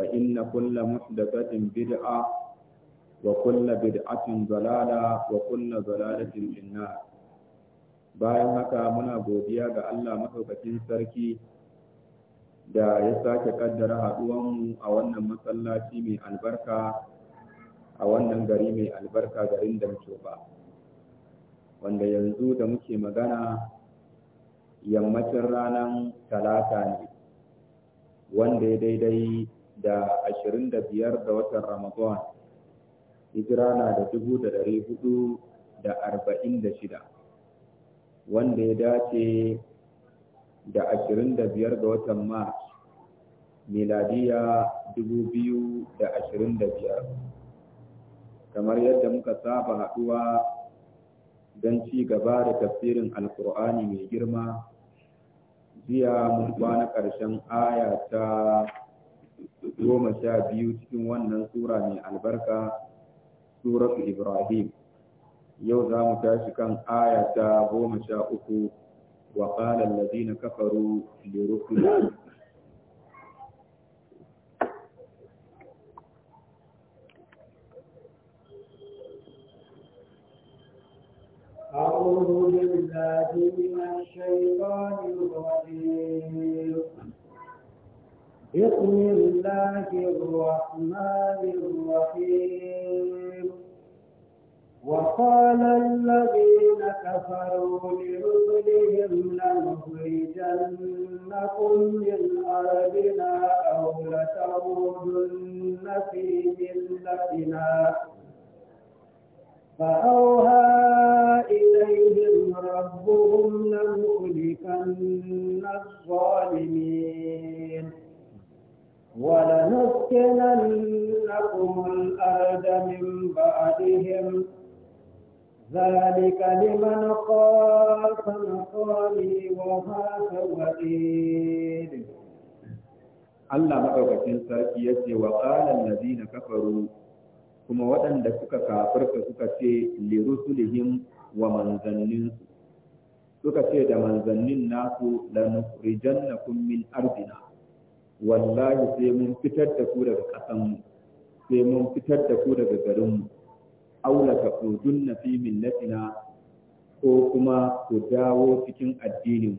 فإن كل محدثة بدعة وكل بدعة ضلالة وكل ضلالة في النار bayan haka muna godiya ga Allah madaukakin sarki da ya sake kaddara haɗuwanmu a wannan masallaci mai albarka a wannan gari mai albarka garin da ba. wanda yanzu da muke magana yammacin ranar talata ne wanda ya daidai da ashirin da biyar da watan Ramadan, hijira na da dubu da dari hudu da arba'in da shida, wanda ya dace da ashirin da biyar ga watan Mars, miladiya dubu biyu da ashirin da biyar. Kamar yadda muka saba haɗuwa don ci gaba da tafsirin Alkur'ani mai girma, jiya mun kwana ƙarshen aya ta goma sha biyu cikin wannan sura mai albarka suratu ibrahim yau za mu tashi kan aya ta goma sha uku wa qala allazina kafaru da rusulihim أعوذ بالله من الشيطان الرجيم بسم الله الرحمن الرحيم وقال الذين كفروا لرسلهم لنخرجنكم من أرضنا أو لتعودن في ملتنا فأوهى إليهم ربهم لنهلكن الظالمين ولنسكننكم الأرض من بعدهم ذلك لمن خاف مقامي وخاف وعيد Allah maɗaukacin sarki ya ce wa ƙalan lazina kafaru kuma waɗanda suka kafirka suka ce lirusulihim wa manzanninsu suka ce da manzannin nasu lanukrijannakum min ardina wallahi sai mun fitar da ku daga mu sai mun fitar da ku daga garinmu aula ka na fi millatina ko kuma ku dawo cikin addinin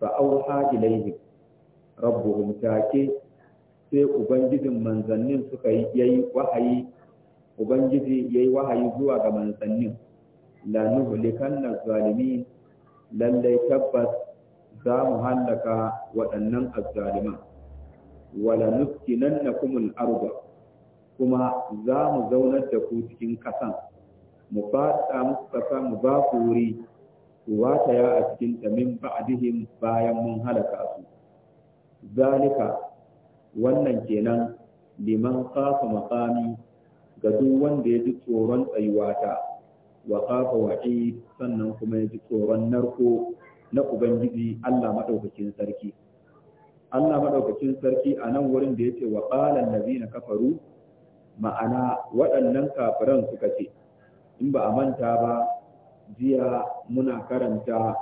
fa auha ilaihi rabbuhum take sai ubangijin manzannin suka yi yayi wahayi ubangiji yayi wahayi zuwa ga manzannin la nuhlikanna zalimin lallai tabbas za mu hallaka waɗannan azzaliman wala na al arba. kuma za mu zaunar da ku cikin kasan mu faɗa muku kasa mu ba ku wuri ku wata ya a cikin ta min ba'dihim bayan mun halaka su zalika wannan kenan liman kafa maqami ga duk wanda ya ji tsoron tsayuwata wa kafa wa'i sannan kuma ya ji tsoron narko na ubangiji Allah madaukakin sarki Allah madaukakin sarki a nan wurin da ya ce wa qalan nabina kafaru ma'ana waɗannan kafiran suka ce in ba a manta ba jiya muna karanta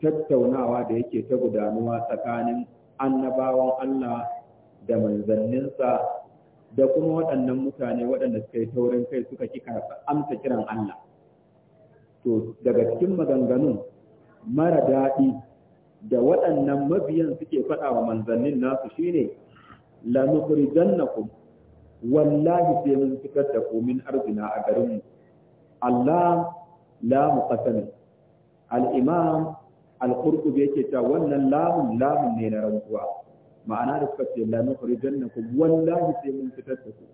tattaunawa da yake ta gudanuwa tsakanin annabawan Allah da manzanninsa da kuma waɗannan mutane waɗanda suka yi taurin kai suka ki amsa kiran Allah. To daga cikin maganganun mara daɗi da waɗannan mabiyan suke faɗa wa manzannin nasu shine la nukhrijannakum wallahi sai mun fitar da ku min arzina a garinmu. Allah la mu al-imam al-qurtubi yake ta wannan lamun lamun ne na rantsuwa ma'ana da suka ce la nukhrijannakum wallahi sai mun fitar da ku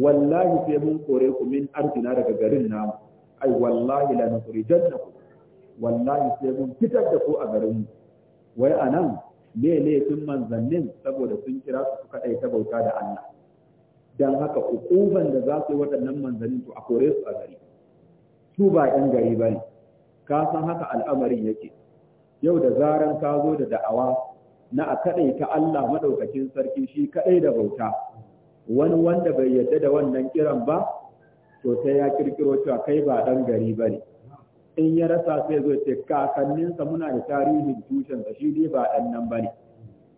wallahi sai mun kore ku min arzina daga garin namu ai wallahi la nukhrijannakum wallahi sai mun fitar da ku a garin mu wai anan me laifin manzannin saboda sun kira su suka dai ta bauta da Allah dan haka hukuman da za su yi waɗannan manzannin to a kore su a gari su ba ɗan gari ba ne ka san haka al'amarin yake yau da zaran ka zo da da'awa na a kaɗai ta Allah maɗaukakin sarki shi kaɗai da bauta wani wanda bai yarda da wannan kiran ba to sai ya kirkiro cewa kai ba ɗan gari ba ne in ya rasa sai zo ce kakanninsa muna da tarihin tushensa shi dai ba ɗan nan ba ne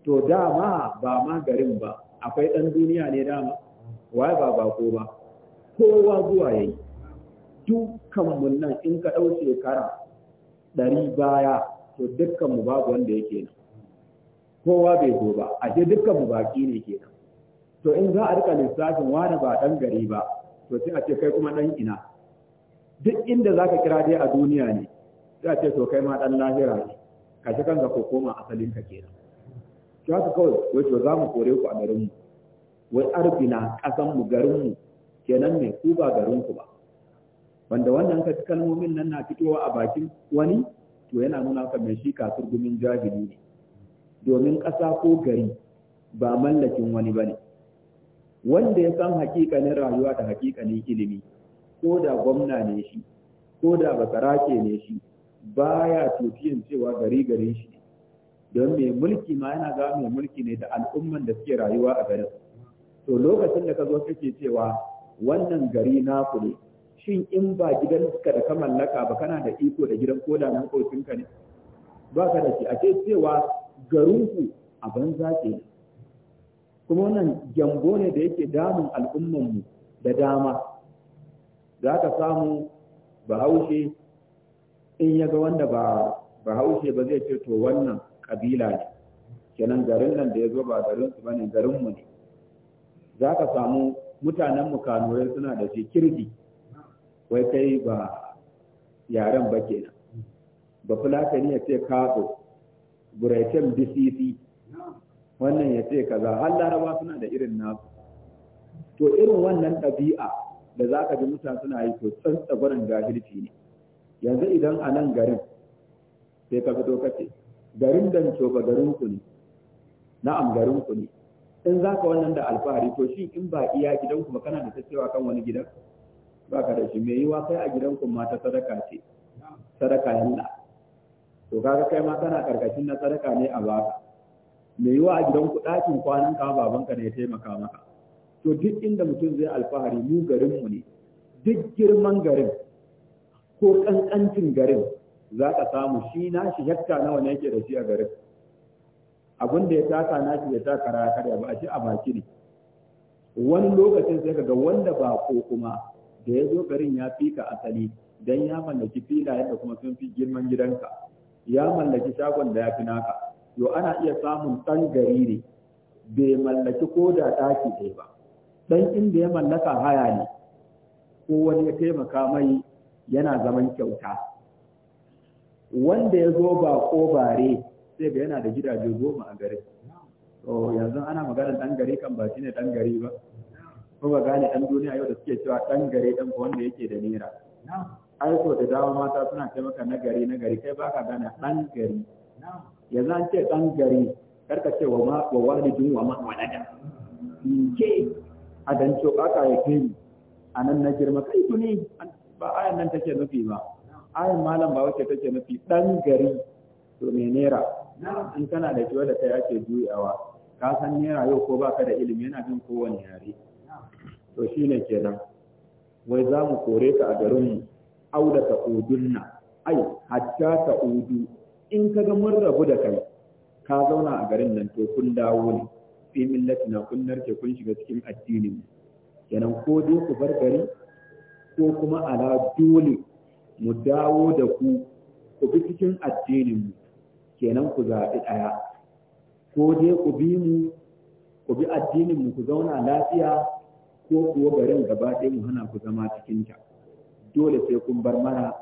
to dama ba ma garin ba akwai ɗan duniya ne dama Wai ba bako ba kowa zuwa ya yi dukkanmu nan in ka ɗau shekara ɗari baya to dukkanmu babu wanda yake nan kowa bai zo ba ashe dukkanmu baki ne kenan to in za a rika lissafin wani ba ɗan gari ba to sai a ce kai kuma ɗan ina duk inda zaka kira dai a duniya ne za ce to kai ma dan lahira ne ka shi kanka ko koma asalin ka kenan to haka kawai wai to za kore ku a garin mu wai arbina kasan mu garin kenan ne ku ba garin ku ba wanda wannan ka kalmomin nan na fitowa a bakin wani to yana nuna ka mai shi kafir gumin jahili ne domin kasa ko gari ba mallakin wani bane wanda ya san hakikanin rayuwa da hakikanin ilimi ko da gwamna ne shi ko da ke ne shi baya tutiyin cewa gari gari shi don mai mulki ma yana ga mai mulki ne da al'umman da suke rayuwa a garin to lokacin da ka zo kake cewa wannan gari na ne shin in ba gidan ka da ka mallaka ba kana da iko da gidan koda na ka ne ba ka da shi a ce cewa ku a banza ke kuma wannan gyambo ne da yake damun al'umman mu da dama za ka samu bahaushe in ya ga wanda ba bahaushe ba zai ce to wannan kabila ne kenan garin nan da ya zo ba garin su bane garin ne za ka samu mutanen mu suna da shi kirji. wai kai ba yaren ba kenan ba fulatani ya ce kaso buraken bisisi wannan ya ce kaza har laraba suna da irin nasu to irin wannan ɗabi'a da za ka ji mutane suna yi to tsantsagwarin gahirci ne yanzu idan a nan garin sai ka fito kace garin dan ba garin ku ne na'am garin ku ne in za ka wannan da alfahari to shin in ba iya gidan ku kana da ta cewa kan wani gidan ba ka da shi me yiwa kai a gidan ku ma ta sadaka ce sadaka yalla to kaga kai ma kana karkashin na sadaka ne a baka me yiwa a gidan ku ɗakin kwanan ka babanka ne ya taimaka maka to duk inda mutum zai alfahari mu garinmu ne duk girman garin ko ƙanƙancin garin za ka samu shi na shi hekta nawa ne yake da shi a garin abin da ya taka na shi ya taka raya karya ba a shi a baki ne wani lokacin sai ka ga wanda ba ko kuma da ya zo garin ya fi ka asali dan ya mallaki filayen da kuma sun fi girman gidanka ya mallaki shagon da ya fi naka yo ana iya samun ɗan ne bai mallaki ko da ɗaki ɗaya ba dan inda ya mallaka haya ne ko wani ya taimaka mai yana zaman kyauta wanda ya zo ba ko bare sai ga yana da gidaje goma a gare to yanzu ana magana dan gare kan ba shine dan gare ba ko ba gane dan duniya yau da suke cewa dan gare dan wanda yake da nera ai to da dama mata suna ce maka na gari na gari kai baka gane dan gari yanzu an ce dan gari karka ce wa walidin wa ma walada ke a dan coƙaƙa ya kai a nan na girma kai ku ne ba ayan nan take nufi ba ayan malam ba wacce take nufi ɗan gari to me nera in kana da ki wanda kai ake juyawa ka san nera yau ko baka da ilimi yana jin kowane yare to shine kenan wai za mu kore ka a garin mu au da udunna ai hatta udu in ka mun rabu da kai ka zauna a garin nan to kun dawo ne fi na kun narke kun shiga cikin addinin kenan ko dai ku bar gari ko kuma ala dole mu dawo da ku ku bi cikin addinin kenan ku zaɓi ɗaya ko dai ku bi mu ku bi addinin mu ku zauna lafiya ko kuwa garin gaba ɗaya mu hana ku zama cikin ta dole sai kun bar mana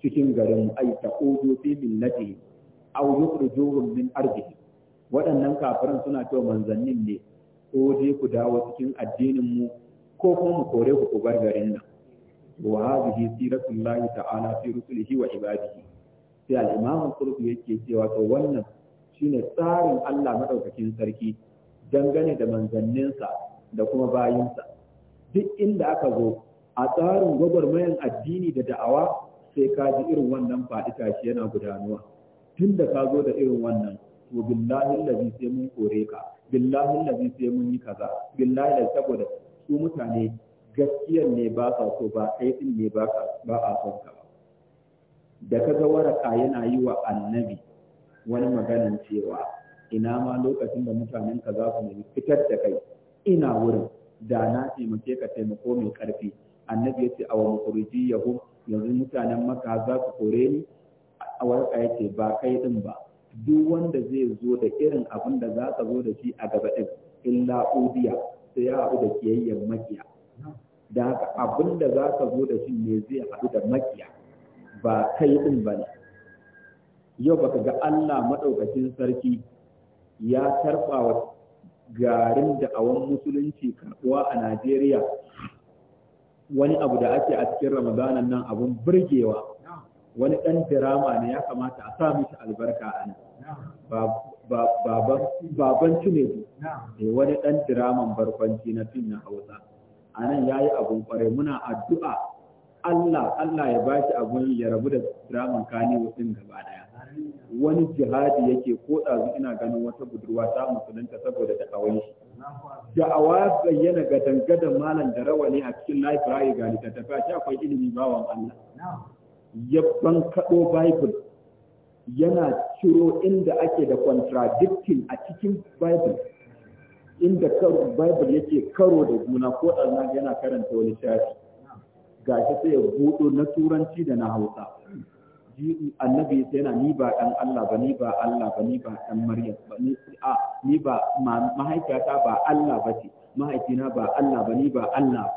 cikin garin ai ta odo fi millati aw yukhrijuhum min ardihim waɗannan kafirin suna cewa manzannin ne ko je ku dawo cikin addinin mu ko kuma mu kore ku ku bar garin nan wa hadhihi siratullahi ta'ala fi rusulihi wa ibadihi sai al-imam al-qurtubi yake cewa to wannan shine tsarin Allah madaukakin sarki dangane da manzanninsa da kuma bayinsa duk inda aka zo a tsarin gwagwarmayan addini da da'awa sai ka ji irin wannan faɗi tashi yana gudanuwa tunda ka zo da irin wannan to billahi allazi sai mun kore ka billahi allazi sai mun yi kaza billahi da saboda su mutane gaskiyar ne ba sa so ba kai din ne ba ba a son ka da kaga waraka yana yi wa annabi wani maganin cewa ina ma lokacin da mutanen ka za su nemi fitar da kai ina wurin da na taimake ka taimako mai karfi annabi ya ce a wa mukurji yahu yanzu mutanen maka za su kore ni a waraka ya ce ba kai din ba duk wanda zai zo da irin abin da za ka zo da shi a gaba ɗin illa la'udiya sai ya haɗu da kiyayyar makiya da haka abin da za ka zo da shi ne zai haɗu da makiya ba kai ɗin ba ne yau baka ga Allah maɗaukacin sarki ya karɓa wa garin da'awan musulunci karɓuwa a Najeriya wani abu da ake a cikin Ramadanan nan abin birgewa. wani ɗan dirama ne ya kamata a sa mishi albarka a nan baban ne ne eh, wani ɗan diraman barkwanci na fin na hausa a nan ya yi abun kwarai muna addu'a Allah Allah ya ba bashi abun ya rabu da diraman kani din gaba daya wani jihadi yake ko ɗazu ina ganin wata budurwa ta musulunta saboda da kawai shi da'awa bayyana ga dangadan malam da rawa ne a cikin library ga shi akwai ilimi bawan Allah ya bankaɗo Bible yana ciro inda ake da contradicting a cikin Bible inda Bible yake karo da juna ko ɗarna yana karanta wani shafi ga shi sai ya buɗo na turanci da na hausa annabi sai yana ni ba ɗan Allah ba ni ba Allah ba ni ba ɗan Maryam ba ni a ni ba mahaifiyata ba Allah ba ce mahaifina ba Allah ba ni ba Allah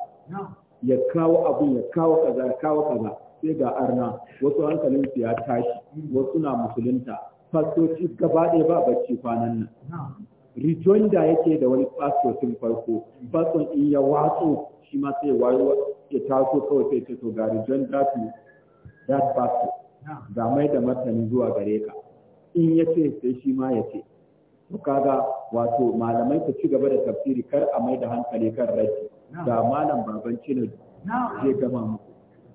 ya kawo abu, ya kawo kaza ya kawo kaza sai ga arna wasu su ya tashi wasu na musulunta fastoci gaba ɗaya ba bacci kwanan nan rejoinder yake da wani fastocin farko faston in ya watso shi ma sai wayo ya taso kawai sai ce to ga rejoinder to that fasto ga mai da martani zuwa gare ka in ya ce sai shi ma ya ce to kaga wato malamai ka ci gaba da tafsiri kar a mai da hankali kan rashi ga malam baban cinan zai gama mu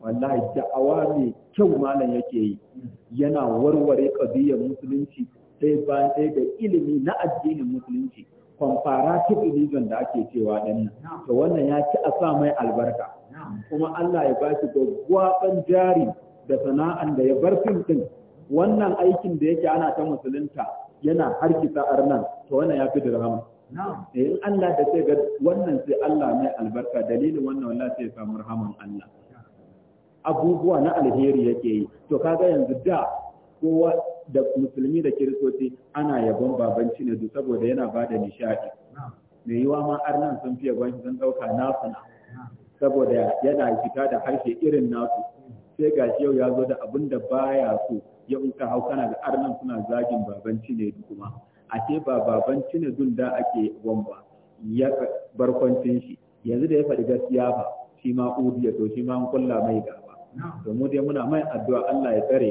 wallahi da'awa mai kyau malam yake yi yana warware kabiyar musulunci sai bayan ɗaya da ilimi na addinin musulunci comparative religion da ake cewa ɗan nan to wannan ya ci a sa mai albarka kuma Allah ya bashi gwaggwaban jari da sana'an da ya bar fim din wannan aikin da yake ana ta musulunta yana harkisa arnan to wannan ya fi dirhama eh, in Allah da sai ga wannan sai Allah mai albarka dalilin wannan wallahi sai ya samu rahaman Allah abubuwa na alheri yake yi to kaga yanzu da kowa da musulmi da kiristoci ana yabon babanci ne saboda yana bada nishaɗi mai yiwa ma arnan sun fiye gwanci sun dauka nasu na saboda yana fita da harshe irin nasu sai ga yau ya zo da abin da baya so ya ka hau kana da arnan suna zagin babanci ne kuma a ce ba babanci ne dun da ake wamba ya barkwancin shi yanzu da ya faɗi gaskiya ba shi ma ya to shi ma an kulla mai ga to mu dai muna mai addu'a Allah ya tsare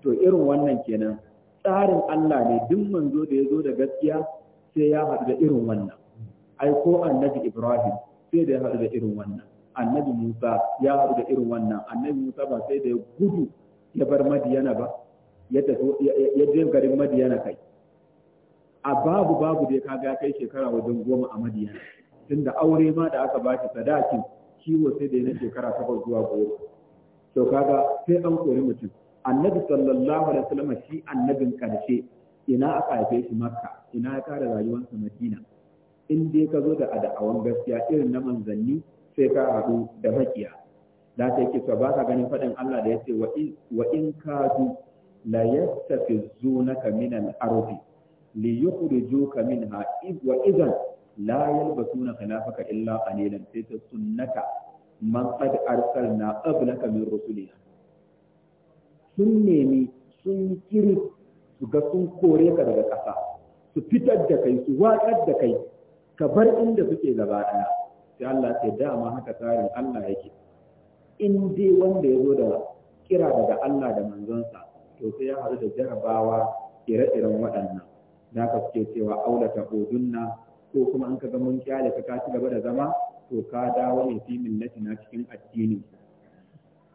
to irin wannan kenan tsarin Allah ne duk manzo da ya zo da gaskiya sai ya haɗu da irin wannan ai ko annabi Ibrahim sai da ya haɗu da irin wannan annabi Musa ya haɗu da irin wannan annabi Musa ba sai da ya gudu ya bar Madiyana ba ya je garin Madiyana kai a babu babu dai kaga ya kai shekara wajen goma a Madiyana tunda aure ma da aka ba shi sadakin kiwo sai da na shekara takwas zuwa goma to kaga sai an kori mutum annabi sallallahu alaihi wasallam shi annabin karshe ina aka haife shi makka ina ya kare rayuwarsa madina in dai ka zo da ada'awan gaskiya irin na manzanni sai ka haɗu da makiya da ta yake ba ka ganin faɗin Allah da ya ce wa in kadu la yastafizunaka min al-ardi li yukhrijuka minha wa idan la yalbasuna khilafaka illa qalilan sai ta sunnata man qad arsalna qablaka min rusulina sun nemi sun kiri su ga sun kore ka daga ƙasa su fitar da kai su watsar da kai ka bar inda suke gaba ɗaya sai Allah ce dama haka tarin Allah yake in dai wanda ya zo da kira daga Allah da manzonsa to sai ya haɗu da jarabawa ire-iren waɗannan da ka suke cewa aulata udunna ko kuma an ka mun kyale ka ka ci gaba da zama to ka dawo ne fi na cikin addini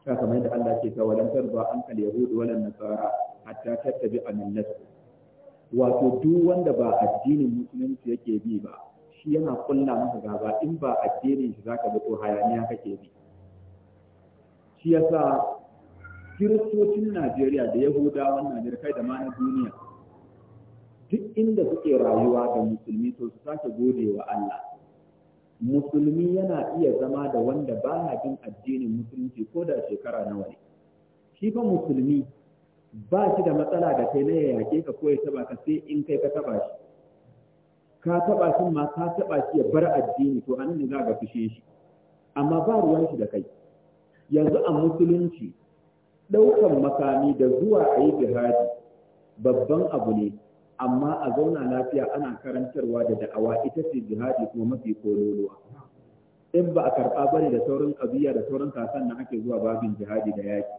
ka kamar da Allah ke cewa lan tarba an kal yahud wala nasara hatta tattabi a millatu wato duk wanda ba addinin musulunci yake bi ba shi yana kulla maka gaba in ba addinin shi zaka bi to hayaniya kake bi shi yasa kiristocin Najeriya da Yahudawan Najeriya kai da ma na duniya duk inda suke rayuwa da musulmi to su sake gode wa Allah musulmi yana iya zama da wanda ba baya bin addinin musulunci ko da shekara nawa ne shi fa musulmi ba shi da matsala da kai na ya yake ka koyi taba ka sai in kai ka taba shi ka taba shi ma ka taba shi ya bar addini to anan ne za ka fushe shi amma ba ruwan shi da kai yanzu a musulunci ɗaukan makami da zuwa a yi babban abu ne amma a zauna lafiya ana karantarwa da da'awa ita ce jihadi kuma mafi kololuwa in ba a karɓa ba da sauran ƙabiya da sauran kasan na ake zuwa babin jihadi da yaki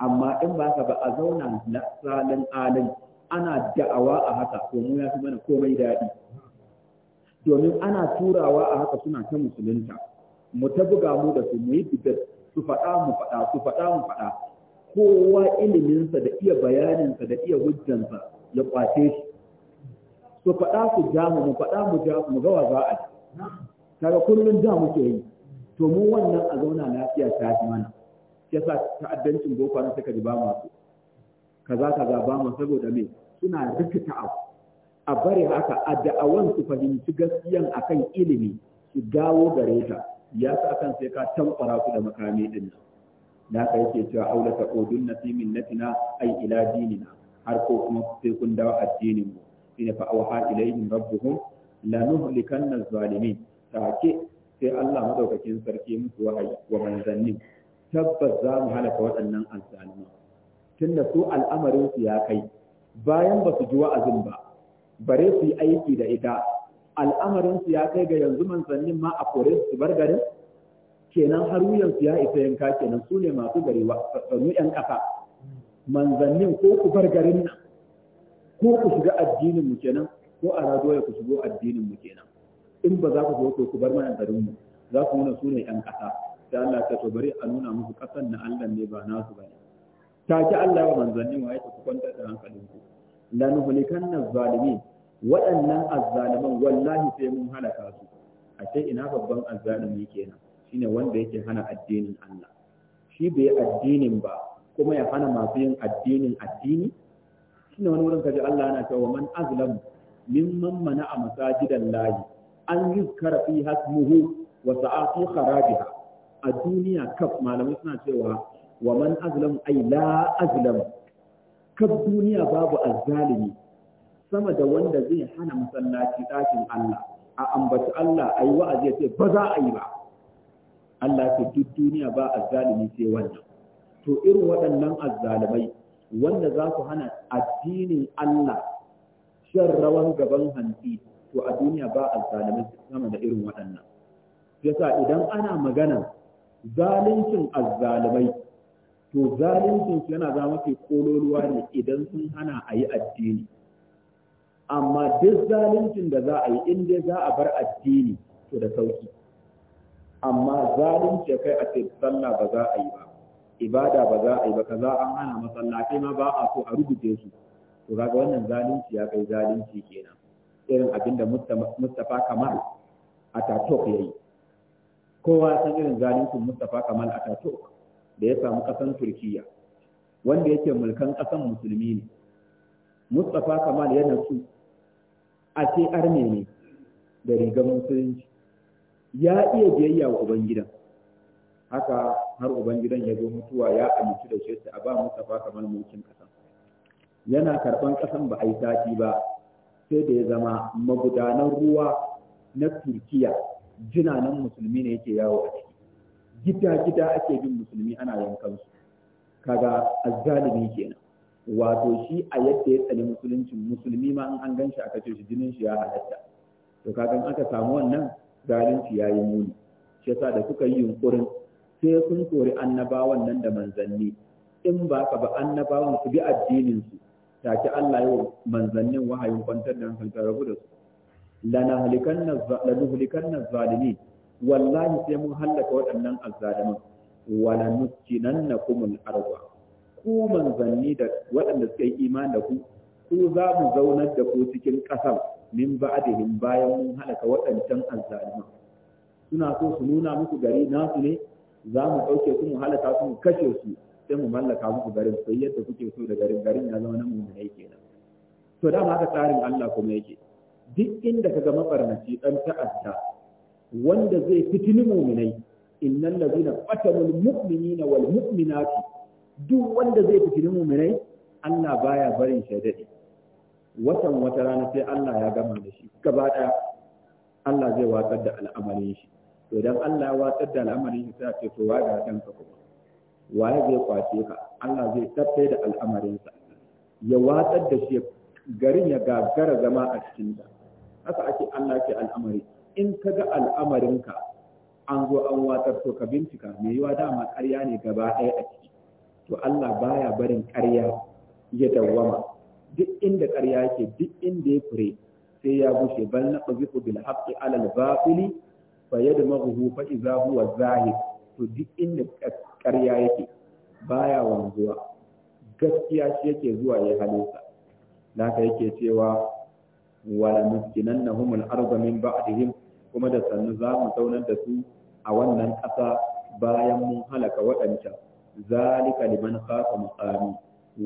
amma in ba ka ba a zauna na salin alin ana da'awa a haka ko ya fi mana komai daɗi domin ana turawa a haka suna ta musulunta mu ta buga mu da su mu yi bidat su faɗa mu faɗa su faɗa mu faɗa kowa iliminsa da iya bayaninsa da iya hujjansa ya kwace shi to faɗa su ja mu faɗa mu ja mu gawa za a ji kaga kullum da muke yi to mu wannan a zauna lafiya ta yi mana yasa sa ta'addancin boko na suka ji ba masu kaza kaza ba mu saboda mai suna rikita abu a bari haka a da'awan su fahimci gaskiyan akan ilimi su dawo gare ta ya sa kan sai ka tamfara su da makami din nan da ka yake cewa aula ta qudun na fi minnatina ila dinina har ko kuma sai kun dawo addinin mu shine fa awha ilaihim rabbuhum la nuhlikanna zalimin take sai Allah madaukakin sarki musu wahayi wa manzanni tabbas za mu halaka waɗannan alzalima tunda su al'amarin su ya kai bayan ba su ji wa'azin ba bare su yi aiki da ita al'amarin su ya kai ga yanzu manzannin ma a kore su bar garin kenan har wuyan su ya isa yanka kenan su ne masu gari wa tsanu yan kasa manzannin ko ku bar garin nan ko ku shiga addinin mu kenan ko a rado ya ku shigo addinin mu kenan in ba za ku zo ku bar mana garin mu za ku nuna sunan yan ƙasa da Allah ta to bari a nuna muku ƙasan na Allah ne ba nasu ba. ta ki Allah wa manzanni wa ya ku kwantar da hankalin ku la na zalimin waɗannan azzaliman wallahi sai mun halaka su a ce ina babban azzalimi kenan shine wanda yake hana addinin Allah shi bai addinin ba kuma ya hana masu yin addinin addini tunda wani wurin kaji Allah yana cewa man azlam mimman mana'a masajidan lahi an yi karfi hasmuhu wa sa'atu kharabiha a duniya kaf malamai suna cewa wa man azlam ay la azlam kaf duniya babu azzalimi sama da wanda zai hana masallaci ɗakin Allah a ambaci Allah ayi wa'azi ya ce ba za a yi ba Allah ya ce duk duniya ba azzalimi sai wannan to irin waɗannan azzalimai wanda za su hana addinin Allah shan rawan gaban hantsi to a duniya ba a zalimin sama da irin waɗannan yasa idan ana magana zaluncin azzalimai to zaluncin yana za mafi kololuwa ne idan sun hana a yi addini amma duk zaluncin da za a yi in dai za a bar addini to da sauki amma zalunci kai a ce sallah ba za a yi ba ibada ba za a yi ba kaza an hana masallaci ma ba a so a rubuce su to kaga wannan zalunci ya kai zalunci kenan irin abinda Mustafa Kamal a ya yi. kowa san irin zaluncin Mustafa Kamal a da ya samu ƙasan Turkiya wanda yake mulkan ƙasan musulmi ne Mustafa Kamal yana su a ce arme ne da rigar musulunci ya iya biyayya wa ubangidan haka har ubangidan ya zo mutuwa ya amince da shi a ba Mustapha kamar mulkin ƙasa yana karban ƙasan ba a yi sati ba sai da ya zama magudanan ruwa na Turkiya jinanan musulmi ne yake yawo a ciki gida gida ake bin musulmi ana yankan su kaga azzalimi kenan wato shi a yadda ya tsani musuluncin musulmi ma an gan shi aka ce shi jinin shi ya halatta to kaga aka samu wannan zalunci yi muni shi yasa da suka yi yunkurin sai sun kori annabawan nan da manzanni in ba ka ba annabawan su bi addinin su take Allah yau manzannin wahayin kwantar da hankali ta rabu da su halikanna zalimi wallahi sai mun hallaka waɗannan azzaliman wala nuskinanna kumul arwa ku manzanni da waɗanda suka yi imani da ku ku za mu zaunar da ku cikin ƙasar min ba'dihim bayan mun halaka waɗancan azzaliman suna so su nuna muku gari nasu ne za mu ɗauke su mu halaka su mu kashe su sai mu mallaka muku garin sai yadda kuke so da garin garin ya zama na ne kenan to dama haka tsarin Allah kuma yake duk inda kaga mabarnaci dan ta'adda wanda zai fitini mu'minai innal ladina qatalul mu'minina wal mu'minati duk wanda zai fitini mu'minai Allah baya barin shaidadi watan wata rana sai Allah ya gama da shi gaba daya Allah zai watsar da al'amarin shi to dan Allah watsar da al'amarin sa ce to wa ga kuma waye zai kwace ka Allah zai tafai da al'amarin sa ya watsar da shi garin ya gagara zama a cikin da haka ake Allah ke al'amari in ka ga ka an zo an watsar to ka bincika me yiwa dama ƙarya ne gaba ɗaya a ciki to Allah baya barin ƙarya ya dawwama duk inda ƙarya yake duk inda ya fure sai ya bushe bal naqzifu bil haqqi ala al batili fa maguhu fa idza huwa zahid to duk inda ƙarya yake baya wanzuwa gaskiya shi yake zuwa ya halinsa naka yake cewa wala na al-ardh min ba'dihim kuma da sannu za mu zaunar da su a wannan ƙasa bayan mun halaka waɗancan zalika liman khafa maqami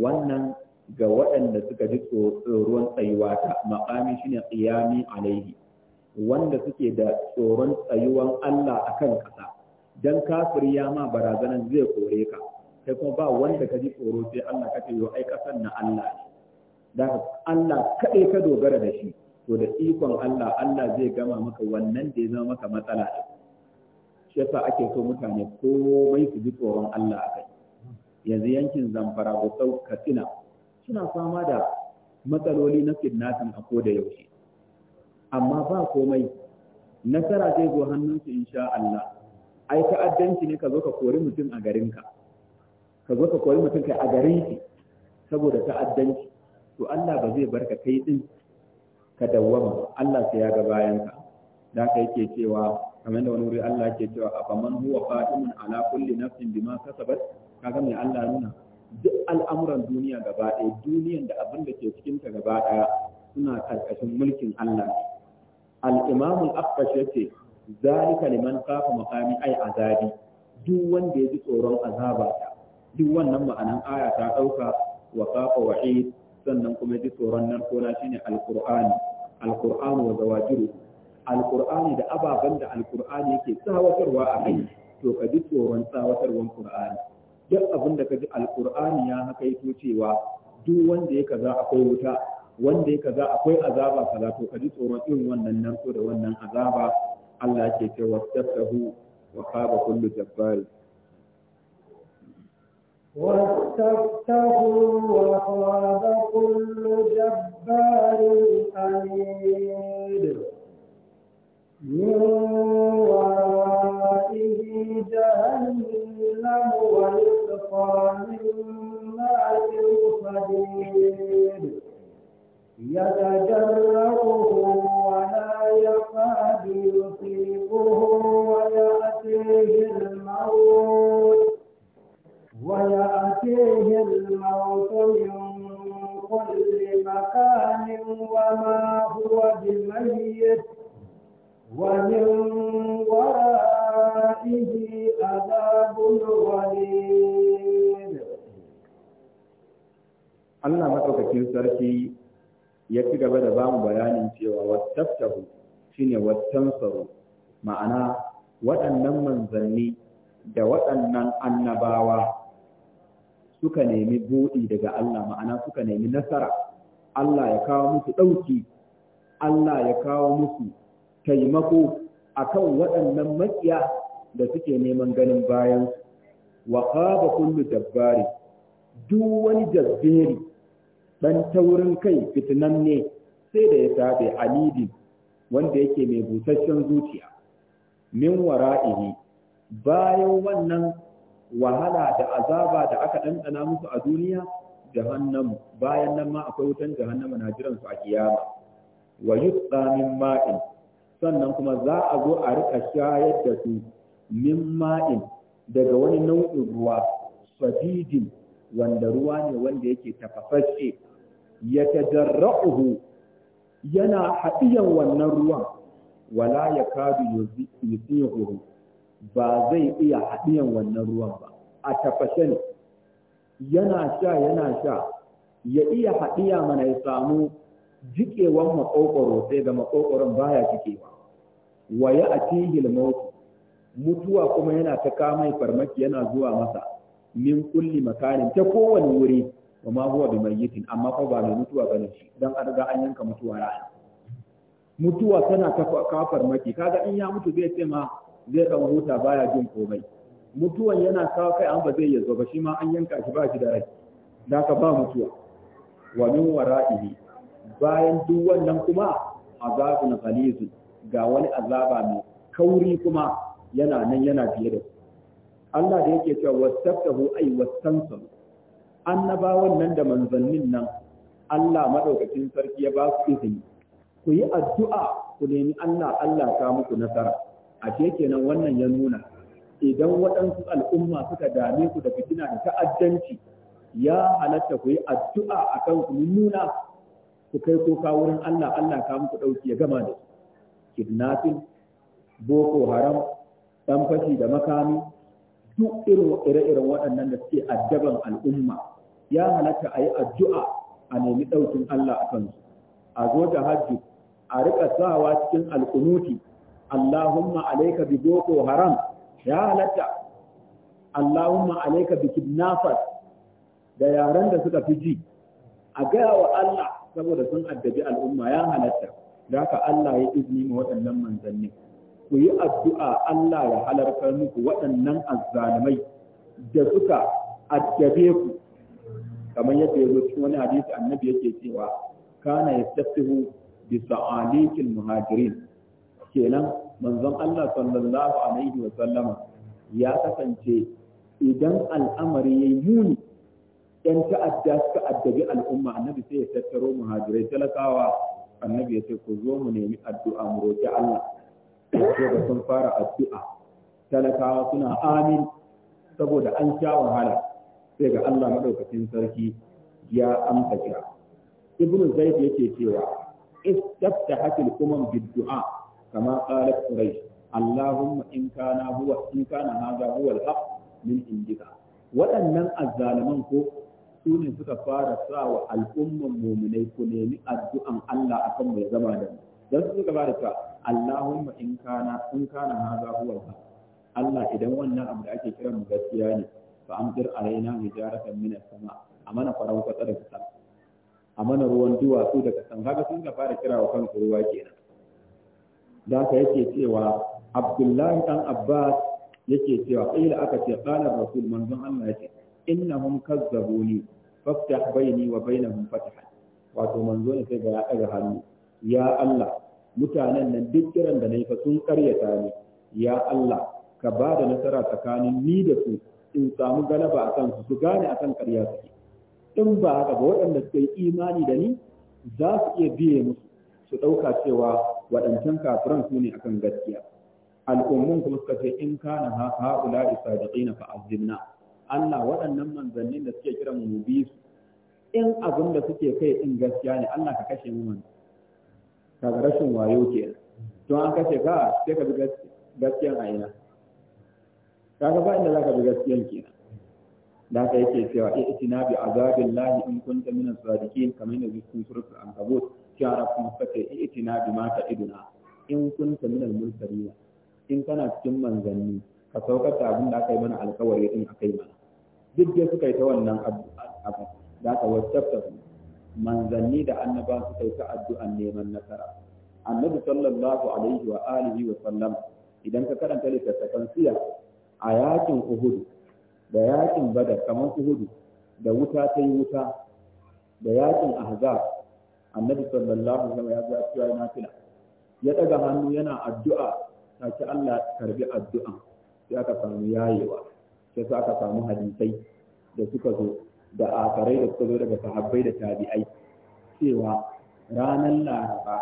wannan ga waɗanda suka ji tsoron tsayuwa ta maqami shine ƙiyami alaihi wanda suke da tsoron tsayuwan Allah a kan ƙasa don kafir ya ma barazanan zai kore ka sai kuma ba wanda ka ji tsoro sai Allah ka ce yi ai ƙasan na Allah ne da Allah kaɗai ka dogara da shi to da ikon Allah Allah zai gama maka wannan da ya zama maka matsala da shi yasa ake so mutane komai su ji tsoron Allah a kai yanzu yankin Zamfara Gusau Katsina suna fama da matsaloli na kidnapping a ko da yaushe amma ba komai nasara zai zo hannunsu insha Allah ai ta'addanci ne ka zo ka kori mutum a garin ka zo ka kori mutum kai a garin ki saboda ta'addanci to Allah ba zai barka kai din ka dawwama Allah sai ya ga bayan ka. da ka yake cewa kamar da wani wuri Allah yake cewa a faman huwa qa'imun ala kulli nafsin bima kasabat kaga mai Allah nuna duk al'amuran duniya gaba ɗaya duniyan da abin da ke cikin ta gaba ɗaya suna karkashin mulkin Allah ne al-imam al-aqash yace zalika liman kafa maqami ay azabi duk wanda ya ji tsoron azaba duk wannan ma'anan aya ta dauka wa kafa wa'id sannan kuma ji tsoron narko na shine alkur'ani. alqur'ani wa zawajiru alqur'ani da ababen da alqur'ani yake tsawatarwa a kai to ka ji tsoron tsawatarwan qur'ani duk abinda ka ji alqur'ani ya haka cewa duk wanda ya kaza akwai wuta wanda ya za akwai azaba kaza to ka ji tsoron irin wannan narko da wannan azaba Allah ke ce wastafahu wa qaba kullu jabbar واستفتحوا وخاب كل جبار عنيد من ورائه يتجرؤه ولا يكاد يصيبه ويأتيه الموت ويأتيه الموت من كل مكان وما هو بميت ومن ورائه عذاب غليظ Allah maɗaukakin sarki ya fi gaba da ba mu bayanin cewa wattaftahu shine wattansaru ma'ana waɗannan manzanni da waɗannan annabawa suka nemi buɗi daga Allah ma'ana suka nemi nasara Allah ya kawo musu ɗauki Allah ya kawo musu taimako A kan waɗannan maƙiya da suke neman ganin bayan wa khaba kullu dabbari duk wani jabberi dan taurin kai fitinan ne sai da ya tabe alidin wanda yake mai busasshen zuciya min wara'ihi bayan wannan wahala da azaba da aka ɗanɗana musu a duniya jahannamu bayan nan ma akwai wutan jahannama na jiran su a kiyama wa yutsa min ma'in sannan kuma za a zo a riƙa shayar da su min ma'in daga wani nau'in ruwa sabidin wanda ruwa ne wanda yake tafafashe ya tajarra'uhu yana haɗiyan wannan ruwan wala ya kadu yusihu ba zai iya haɗiyan wannan ruwan ba a tafashe ne yana sha yana sha ya iya haɗiya mana ya samu jiƙewan makokoro sai ga makokoron baya jikewa wa ya atihil mautu mutuwa kuma yana ta kamai farmaki yana zuwa masa min kulli makarin ta kowane wuri wa ma huwa bi mayyitin amma ko ba mai mutuwa bane shi dan an ga an yanka mutuwa ra mutuwa tana ta kafar maki kaga in ya mutu zai ce ma zai dan huta baya jin komai mutuwan yana sa kai an ba zai yazo ba shi ma an yanka shi ba shi da rai da ka ba mutuwa wa min wara'ihi bayan duk wannan kuma azabun ghalizun ga wani azaba mai kauri kuma yana nan yana fiye da Allah da yake cewa wastaftahu ay wastansaru annabawan nan da manzannin nan Allah madaukakin sarki ya ba su izini ku yi addu'a ku nemi Allah Allah ka muku nasara ke kenan wannan ya nuna idan waɗansu al'umma suka dame ku da fitina da ta'addanci ya halatta ku yi addu'a akan ku nuna ku kai koka wurin Allah Allah ka muku ɗauki ya gama da kidnapping boko haram dan fashi da makami duk irin ire-iren waɗannan da suke addaban al'umma ya halatta a yi addu'a a nemi ɗaukin Allah a kansu a zo da hajji a riƙa sawa cikin al'umuti, Allahumma alaika bi boko haram ya halatta Allahumma alaika bi kidnappers da yaran da suka fi ji a gaya wa Allah saboda sun addabi al'umma ya halatta da haka Allah ya izini ma waɗannan manzanni ku yi addu'a Allah ya halarta muku waɗannan azzalumai da suka addabe ku kamar yadda ya zo cikin wani hadisi annabi yake cewa kana yastafihu bi sa'alikil muhajirin kenan manzon Allah sallallahu alaihi wa sallama ya kasance idan al'amari ya muni ‘yan ta'adda suka addabi al'umma annabi sai ya tattaro muhajirai talakawa annabi ya ce ku zo mu nemi addu'a mu roki Allah sai da sun fara addu'a talakawa suna amin saboda an sha wahala sai ga Allah madaukakin sarki ya amsa kira ibnu zaid yake cewa istaftahat al-umam bid-du'a kama qalat quraish allahumma in kana huwa in kana hadha huwa al min indika waɗannan azzaliman ko su ne suka fara sa wa al'umman muminai ku nemi addu'an Allah akan mai zama da mu dan suka fara ta Allahumma in kana in kana hadha huwa al Allah idan wannan abu da ake kiran mu gaskiya ne fa amdir alaina hijaratan min as-sama amana farau kwata daga sama amana ruwan duwatsu daga sama kaga sun ka fara kira wa kan ruwa kenan da ka yake cewa Abdullahi dan Abbas yake cewa qila aka ce qala rasul man zan Allah yake innahum kazzabuni faftah baini wa bainahum fatahan wato manzo ne sai ga ya daga hannu ya Allah mutanen nan duk kiran da nayi fa sun karyata ni ya Allah ka ba da nasara tsakanin ni da su in samu galaba akan su su gane akan karya su in ba haka ba waɗanda suka yi imani da ni za su iya biye musu su ɗauka cewa waɗancan kafiran su ne akan gaskiya al'ummun kuma suka ce in kana haula isadiqina fa azzimna Allah waɗannan manzannin da suke kiran mu bi su in abin da suke kai in gaskiya ne Allah ka kashe mu manzo kaga rashin wayo ke to an kace ka sai ka bi gaskiyan aina kaga ba inda zaka bi gaskiyan kenan da ka yake cewa ya itina bi azabin lahi in kunta min as-sadiqin kamar yadda cikin suratul ankabut ya rabbun fata ya itina bi ma iduna. in kunta min al-mursalin in kana cikin manzanni ka saukar da abin da aka yi mana alkawari din akai mana duk da suka yi ta wannan abu da aka wacce manzanni da annaba su yi ta addu'an neman nasara annabi sallallahu alaihi wa alihi wa sallam idan ka karanta littattafan siya a yakin uhud da yakin badar kamar uhud da wuta ta yi wuta da yakin ahzab annabi sallallahu alaihi wa sallam ya ga na ya daga hannu yana addu'a ta sake Allah karbi addu'a sai aka samu yayewa sai aka samu hadisai da suka zo da akarai da suka zo daga sahabbai da tabi'ai cewa ranar laraba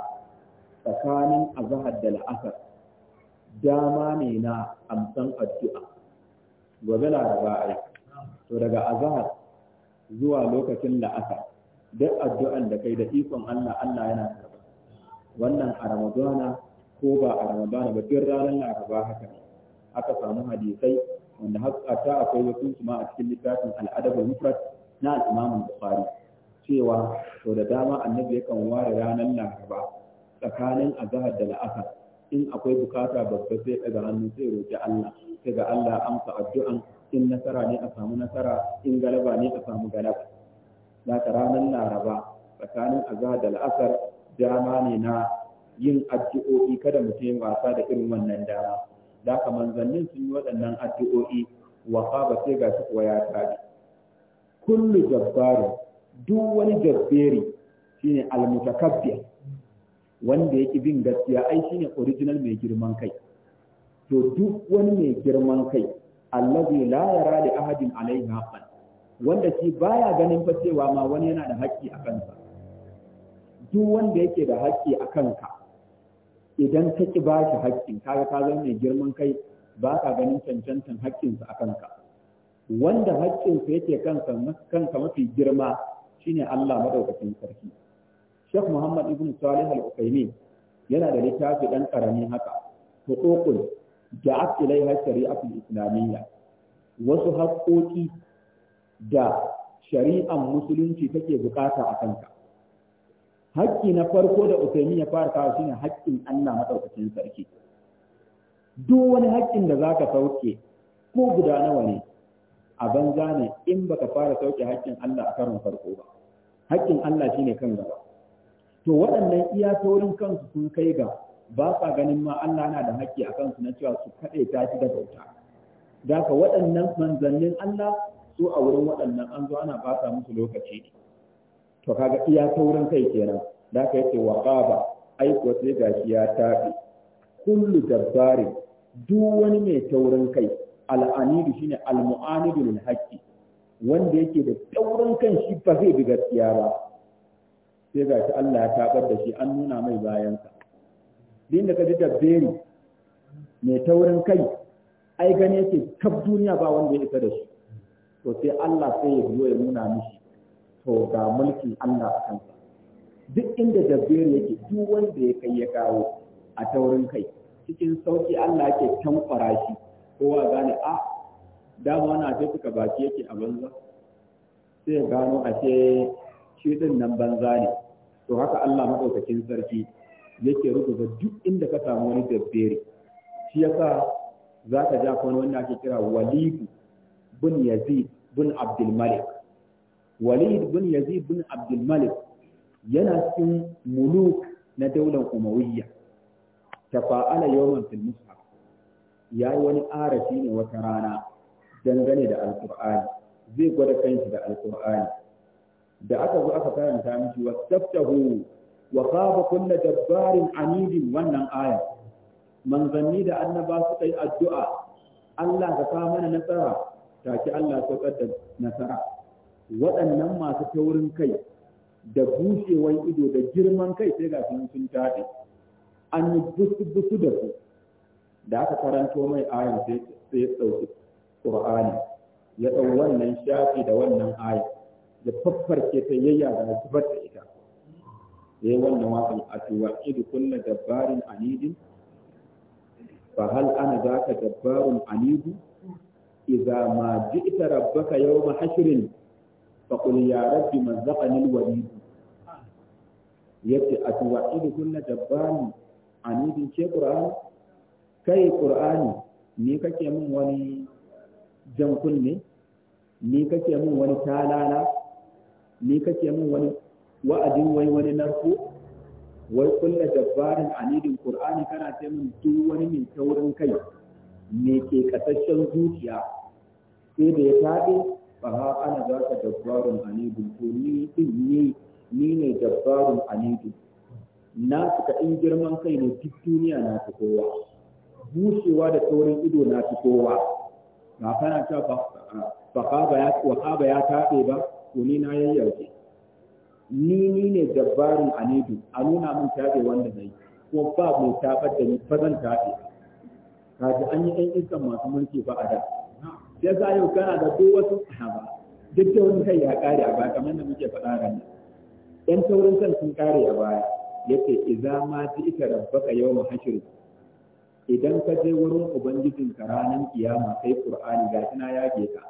tsakanin azahar da la'asar dama ne na amsan addu'a gobe laraba ai to daga azahar zuwa lokacin la'asar duk addu'an da kai da ikon Allah Allah yana karba wannan a ramadana ko ba a ramadana ba duk ranar laraba haka ne. aka samu hadisai wanda ta akwai wasu kuma a cikin littafin al'adabul mufrad na al'imamin bukhari cewa sau da dama annabi yakan ware ranar laraba tsakanin azahar da la'asar in akwai bukata babba sai ɗaga hannu sai roki Allah sai ga Allah amsa addu'an in nasara ne a samu nasara in galaba ne a samu galaba zaka ranar laraba tsakanin azahar da la'asar dama ne na yin addu'o'i kada mutum wasa da irin wannan dama da ka manzannin sun yi waɗannan addu'o'i wa ba sai ga su kuwa ya tabi kullu jabbari duk wani jabberi shine almutakabbir wanda yake bin gaskiya ai shine original mai girman kai to duk wani mai girman kai allazi la yara li ahadin alayhi haqqan wanda shi baya ganin fa cewa ma wani yana da haƙƙi a kansa duk wanda yake da haƙƙi a kanka idan ka ki ba shi haƙƙin kaga ka zama mai girman kai ba ka ganin cancantan haƙƙinsa a kanka wanda haƙƙinsa yake kansa kansa mafi girma shine Allah madaukakin sarki Sheikh Muhammad Ibn Salih Al-Uthaymeen yana da littafi dan karamin haka huququl da'at ilaiha shari'atul islamiyya wasu haƙƙoƙi da shari'an musulunci take bukata a kanka haƙƙi na farko da Uthaymeen ya fara kawo shine haƙƙin Allah madaukakin sarki duk wani haƙƙin da zaka sauke ko guda nawa ne a banza ne in baka fara sauke haƙƙin Allah a karon farko ba haƙƙin Allah shine kan gaba to waɗannan iya taurin kansu sun kai ga ba sa ganin ma Allah yana da haƙƙi a kansu na cewa su kaɗe ta shi da bauta da waɗannan manzannin Allah su a wurin waɗannan an zo ana ba musu lokaci to kaga iya taurin kai kenan da ka yace wa qaba ai ko sai gashi ya tafi kullu dabbari duk wani mai taurin kai al'anidu shine al-mu'anidu lil wanda yake da taurin kan shi ba zai bi gaskiya ba sai ga shi Allah ya tabar da shi an nuna mai bayansa din da kaji mai taurin kai ai gane yake kaf duniya ba wanda ya isa da shi to sai Allah sai ya zo ya nuna mishi to ga mulkin Allah a kansa duk inda dabberi yake duk wanda ya kai ya kawo a taurin kai cikin sauki Allah yake tankwara shi kowa gane a ah, dama wani ashe suka baki yake a banza sai ya gano ashe shi din nan banza ne to haka Allah madaukakin sarki yake rubuta duk inda ka samu wani dabbere shi ya sa za ka ja wani ake kira walidu bin yazid bin Abdulmalik Walidu bin yazid bin Abdulmalik yana cikin muluk na daular umawiyya tafa'ala yawan fil ya yi wani arafi ne wata rana dangane da alkur'ani zai gwada kanshi da alkur'ani da aka zo aka karanta mishi wastaftahu wa khaba kullu dabbarin anidin wannan aya manzanni da annaba suka yi addu'a Allah ka kawo mana nasara taki Allah saukar da nasara waɗannan masu taurin kai da bushewar ido da girman kai sai ga sun sun an yi busu busu da su da aka karanto mai ayin sai ya ɗauki ƙur'ani ya ɗau wannan shafi da wannan ayan ya faffarke ta yayya da zubar da ita ya yi wannan wasan a tuwa idu kunna dabbarin anidi fa hal ana zaka dabbarun anidi idza ma ji'ta rabbaka yawma hashrin fa qul ya rabbi mazzaqani alwalid yace a cewa idu kunna dabbarin anidi ke qur'ani kai qur'ani ni kake min wani jan kunne ni kake min wani talala ni kake min wani wa'adin wai wani narko wai kulla dabbarin anidin qur'ani kana ce min duk wani mai taurin kai me ke kasashen zuciya sai da ya taɓe fa ha ana za ka dabbarin anidin ko ni din ne ni ne dabbarin anidin na suka in girman kai ne duk duniya na ta kowa bushewa da taurin ido na fitowa ba kana ta ba ya kaba ya tabe ba to ni na yayyauke ni ni ne dabbarin anidu a nuna min tabe wanda yi. kuma ba mai tabar da ni fa zan tabe kaji an yi ɗan iskan masu mulki ba a da sai sa yau kana da duk wasu sahaba duk da wani kai ya kare a baya kamar da muke faɗa ran yan taurin san sun kare a baya yake idza ma ji ita rabbaka yawma hashr idan ka je wurin ubangijin ka ranar kiyama kai qur'ani ga na yage ka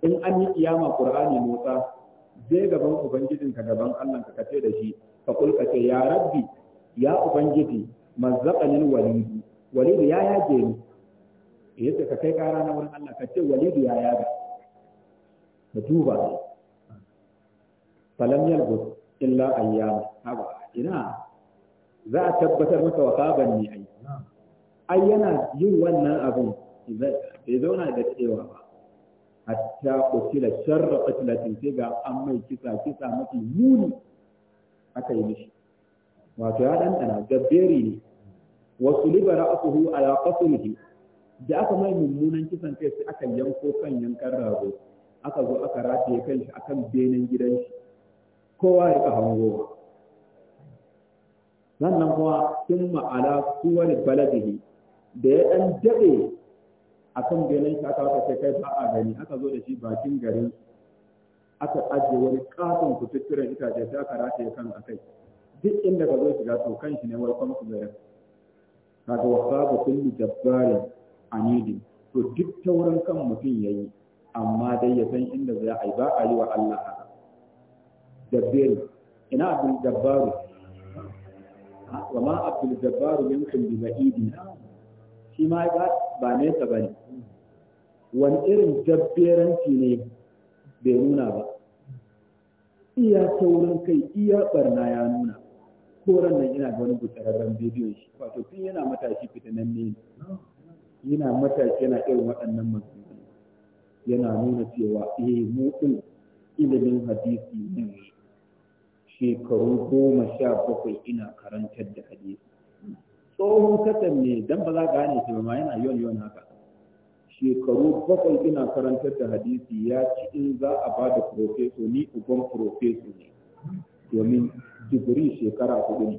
in an yi kiyama qur'ani motsa je gaban ubangijin ka gaban Allah ka kace da shi ka kulka ce ya rabbi ya ubangiji mazzaqanil walidi walidi ya yage ni yace ka kai kara na wurin Allah ka ce walidi ya yaga ka duba falam bus illa ayyam haba ina za a tabbatar maka wa kaban ne ai yana yin wannan abin bai zauna da cewa ba hatta kutila sharra qatlatin sai ga an mai kisa kisa mafi muni aka yi mishi wato ya dana gabberi ne wasu suliba ra'suhu ala qatlihi da aka mai mummunan kisan kai sai aka yanko kan yankan rago aka zo aka rataye shi akan benen gidan shi kowa ya hangowa sannan kuma sun ma'ala suwar baladihi da ya ɗan daɗe a kan ganin shi aka sai kai ba a gani aka zo da shi bakin garin aka ajiye wani ƙaton kututturen itace sai aka ya kan a kai duk inda ka zo shiga to kan shi ne warkon su garin ga wasa kullu jabbarin anidin to duk ta wurin kan mutum ya yi amma dai ya san inda za a yi ba a yi wa Allah haka jabbari ina abdul jabbaru wa ma abdul jabbaru yankin bi ba'idina shi ma ba ba nesa ba ne wani irin jabberanci ne bai nuna ba iya taurin kai iya barna ya nuna koran nan yana da wani gutsararren bidiyon shi wato tun yana matashi fitinan ne yana matashi yana irin waɗannan masu yana nuna cewa eh mu din ilimin hadisi ne shekaru goma sha bakwai ina karantar da hadisi tsohon kasan ne dan ba za ka gane shi ba ma yana yon yon haka shekaru bakwai ina karantar da hadisi ya ci in za a ba da profeso ni uban profeso ne domin digiri shekara hudu ne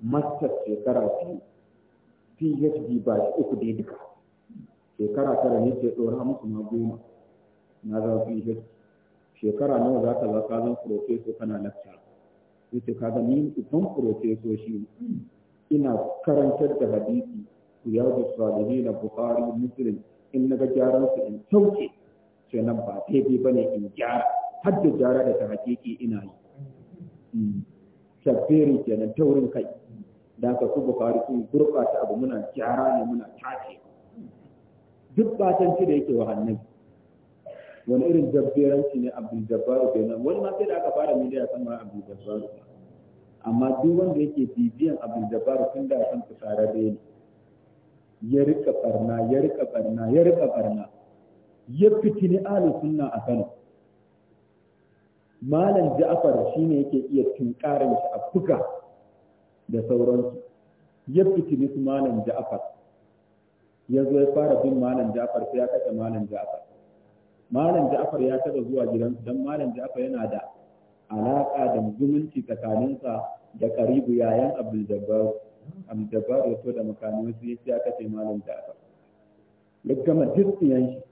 master shekara biyu phd ba shi uku dai duka shekara tara ne ce ɗora musu na goma na za phd shekara nawa za ka za ka zan profeso kana lecturer sai ka ga ni uban profeso shi ina karantar da hadisi riyadu salihin bukhari muslim in naga jaran su in sauke sai nan ba daidai bane in gyara har da jara da ta hakiki ina yi hmm. sabbiri kenan taurin kai da ka su bukhari sun gurɓata abu muna gyara ne muna tace duk batanci da yake wa hannun wani irin jabberanci ne abdul jabbar kenan wani ma sai da aka fara miliya kan ma abdul jabbar amma duk wanda yake bibiyan abin da bar tun da kan da ne ya rika barna ya rika barna ya rika barna ya fitini ahli sunna a Kano malam Ja'far shine yake iya tunkarin shi a fuka da sauransu ya fitini su malam Ja'far ya zo ya fara bin malam Ja'far sai ya kace malam Ja'far malam Ja'far ya taba zuwa gidansu dan malam Ja'far yana da alaƙa da zumunci tsakaninsa da karibu yayan abdul-jabbar abdul-jabbar ya to da makamin su ya siya kace malam jafar ya gama jirgiyan shi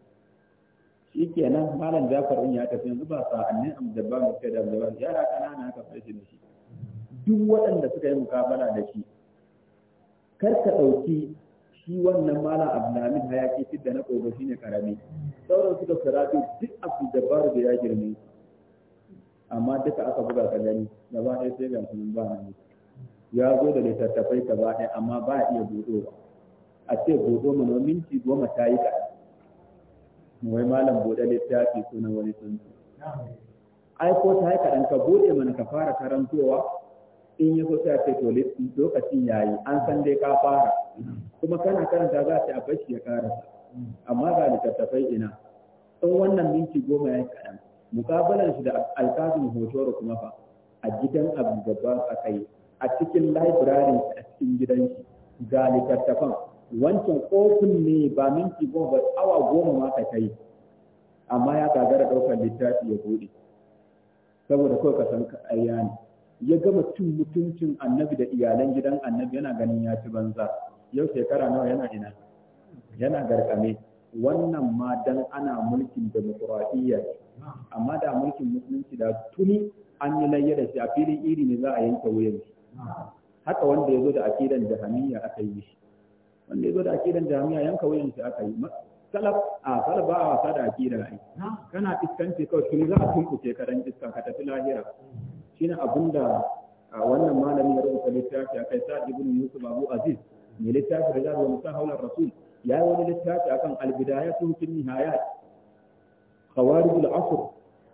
shi kenan malam jafar ɗin ya tafi yanzu ba sa'annin abdul-jabbar mu kai da abdul-jabbar yara ƙanana aka fashe da shi duk waɗanda suka yi mukabala da shi kar ka ɗauki shi wannan malam abdulhamid hayaki fit da na ƙogo shine karami sauran da karatu duk abdul-jabbar da ya girme amma duka aka buga ka gani gaba ɗaya sai ga sunan ba nan ya zo da littattafai gaba ɗaya amma ba a iya ba, a ce buɗo na minti goma ta yi kaɗan wai malam buɗe littafi ko na wani tsuntsu ai ko ta yi kaɗan ka buɗe mana ka fara karantowa in yi so sai ce to lokacin yayi an san dai ka fara kuma kana karanta za ta a bashi ya karasa amma ga littattafai ina in wannan minti goma ya yi kaɗan mukabalan shi da hoto da kuma fa a gidan abu gaban aka yi a cikin library a cikin gidan shi ga littattafan wancan kofin ne ba minti goma ba awa goma ma ka kai amma ya gagara ɗaukar littafi ya buɗe saboda kawai ka san ne ya gama cin mutuncin annabi da iyalan gidan annabi yana ganin ya ci banza yau shekara nawa yana ina yana garkame wannan ma dan ana mulkin demokuraɗiyya amma da mulkin musulunci da tuni an yi layya da shi a filin iri ne za a yanke wuyan shi haka wanda ya zo da akidan jahamiya aka yi shi wanda ya zo da akidan jahamiya yanka wuyan shi aka yi salaf a salaf ba a wasa da akida ai kana iskanci kawai tuni za a tunkuce ka dan iska ka tafi lahira shine abin da wannan malamin ya rubuta littafi akai sa'ad ibn yusuf abu aziz mai littafi da zai wani haular rasul ya yi wani littafi akan albidayatu sun fi nihayat khawarij al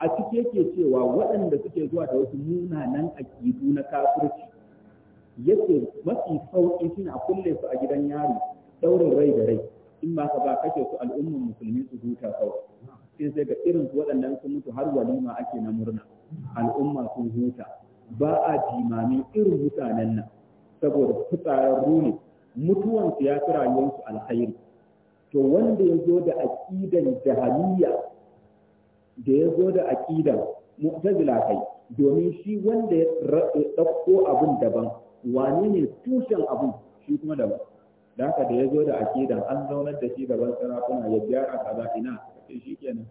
a ciki yake cewa waɗanda suke zuwa da wasu munanan aƙidu na kafirci yake mafi sauƙi suna kulle su a gidan yari ɗaurin rai da rai in ba ka ba kashe su al'ummar musulmi su huta kawai sai sai ga irin su waɗannan sun mutu har walima ake na murna al'umma sun huta ba a jimami irin mutanen nan saboda fitsararru rune mutuwansu ya fi rayuwarsu alkhairi to wanda ya zo da aƙidan jahaliya da ya zo da aƙidar mu'tazila kai domin shi wanda ya ɗauko abun daban wane ne tushen abun shi kuma daban da haka da ya zo da aƙidan an zaunar da shi gaban sarakuna ya gyara kaza ina sai shi kenan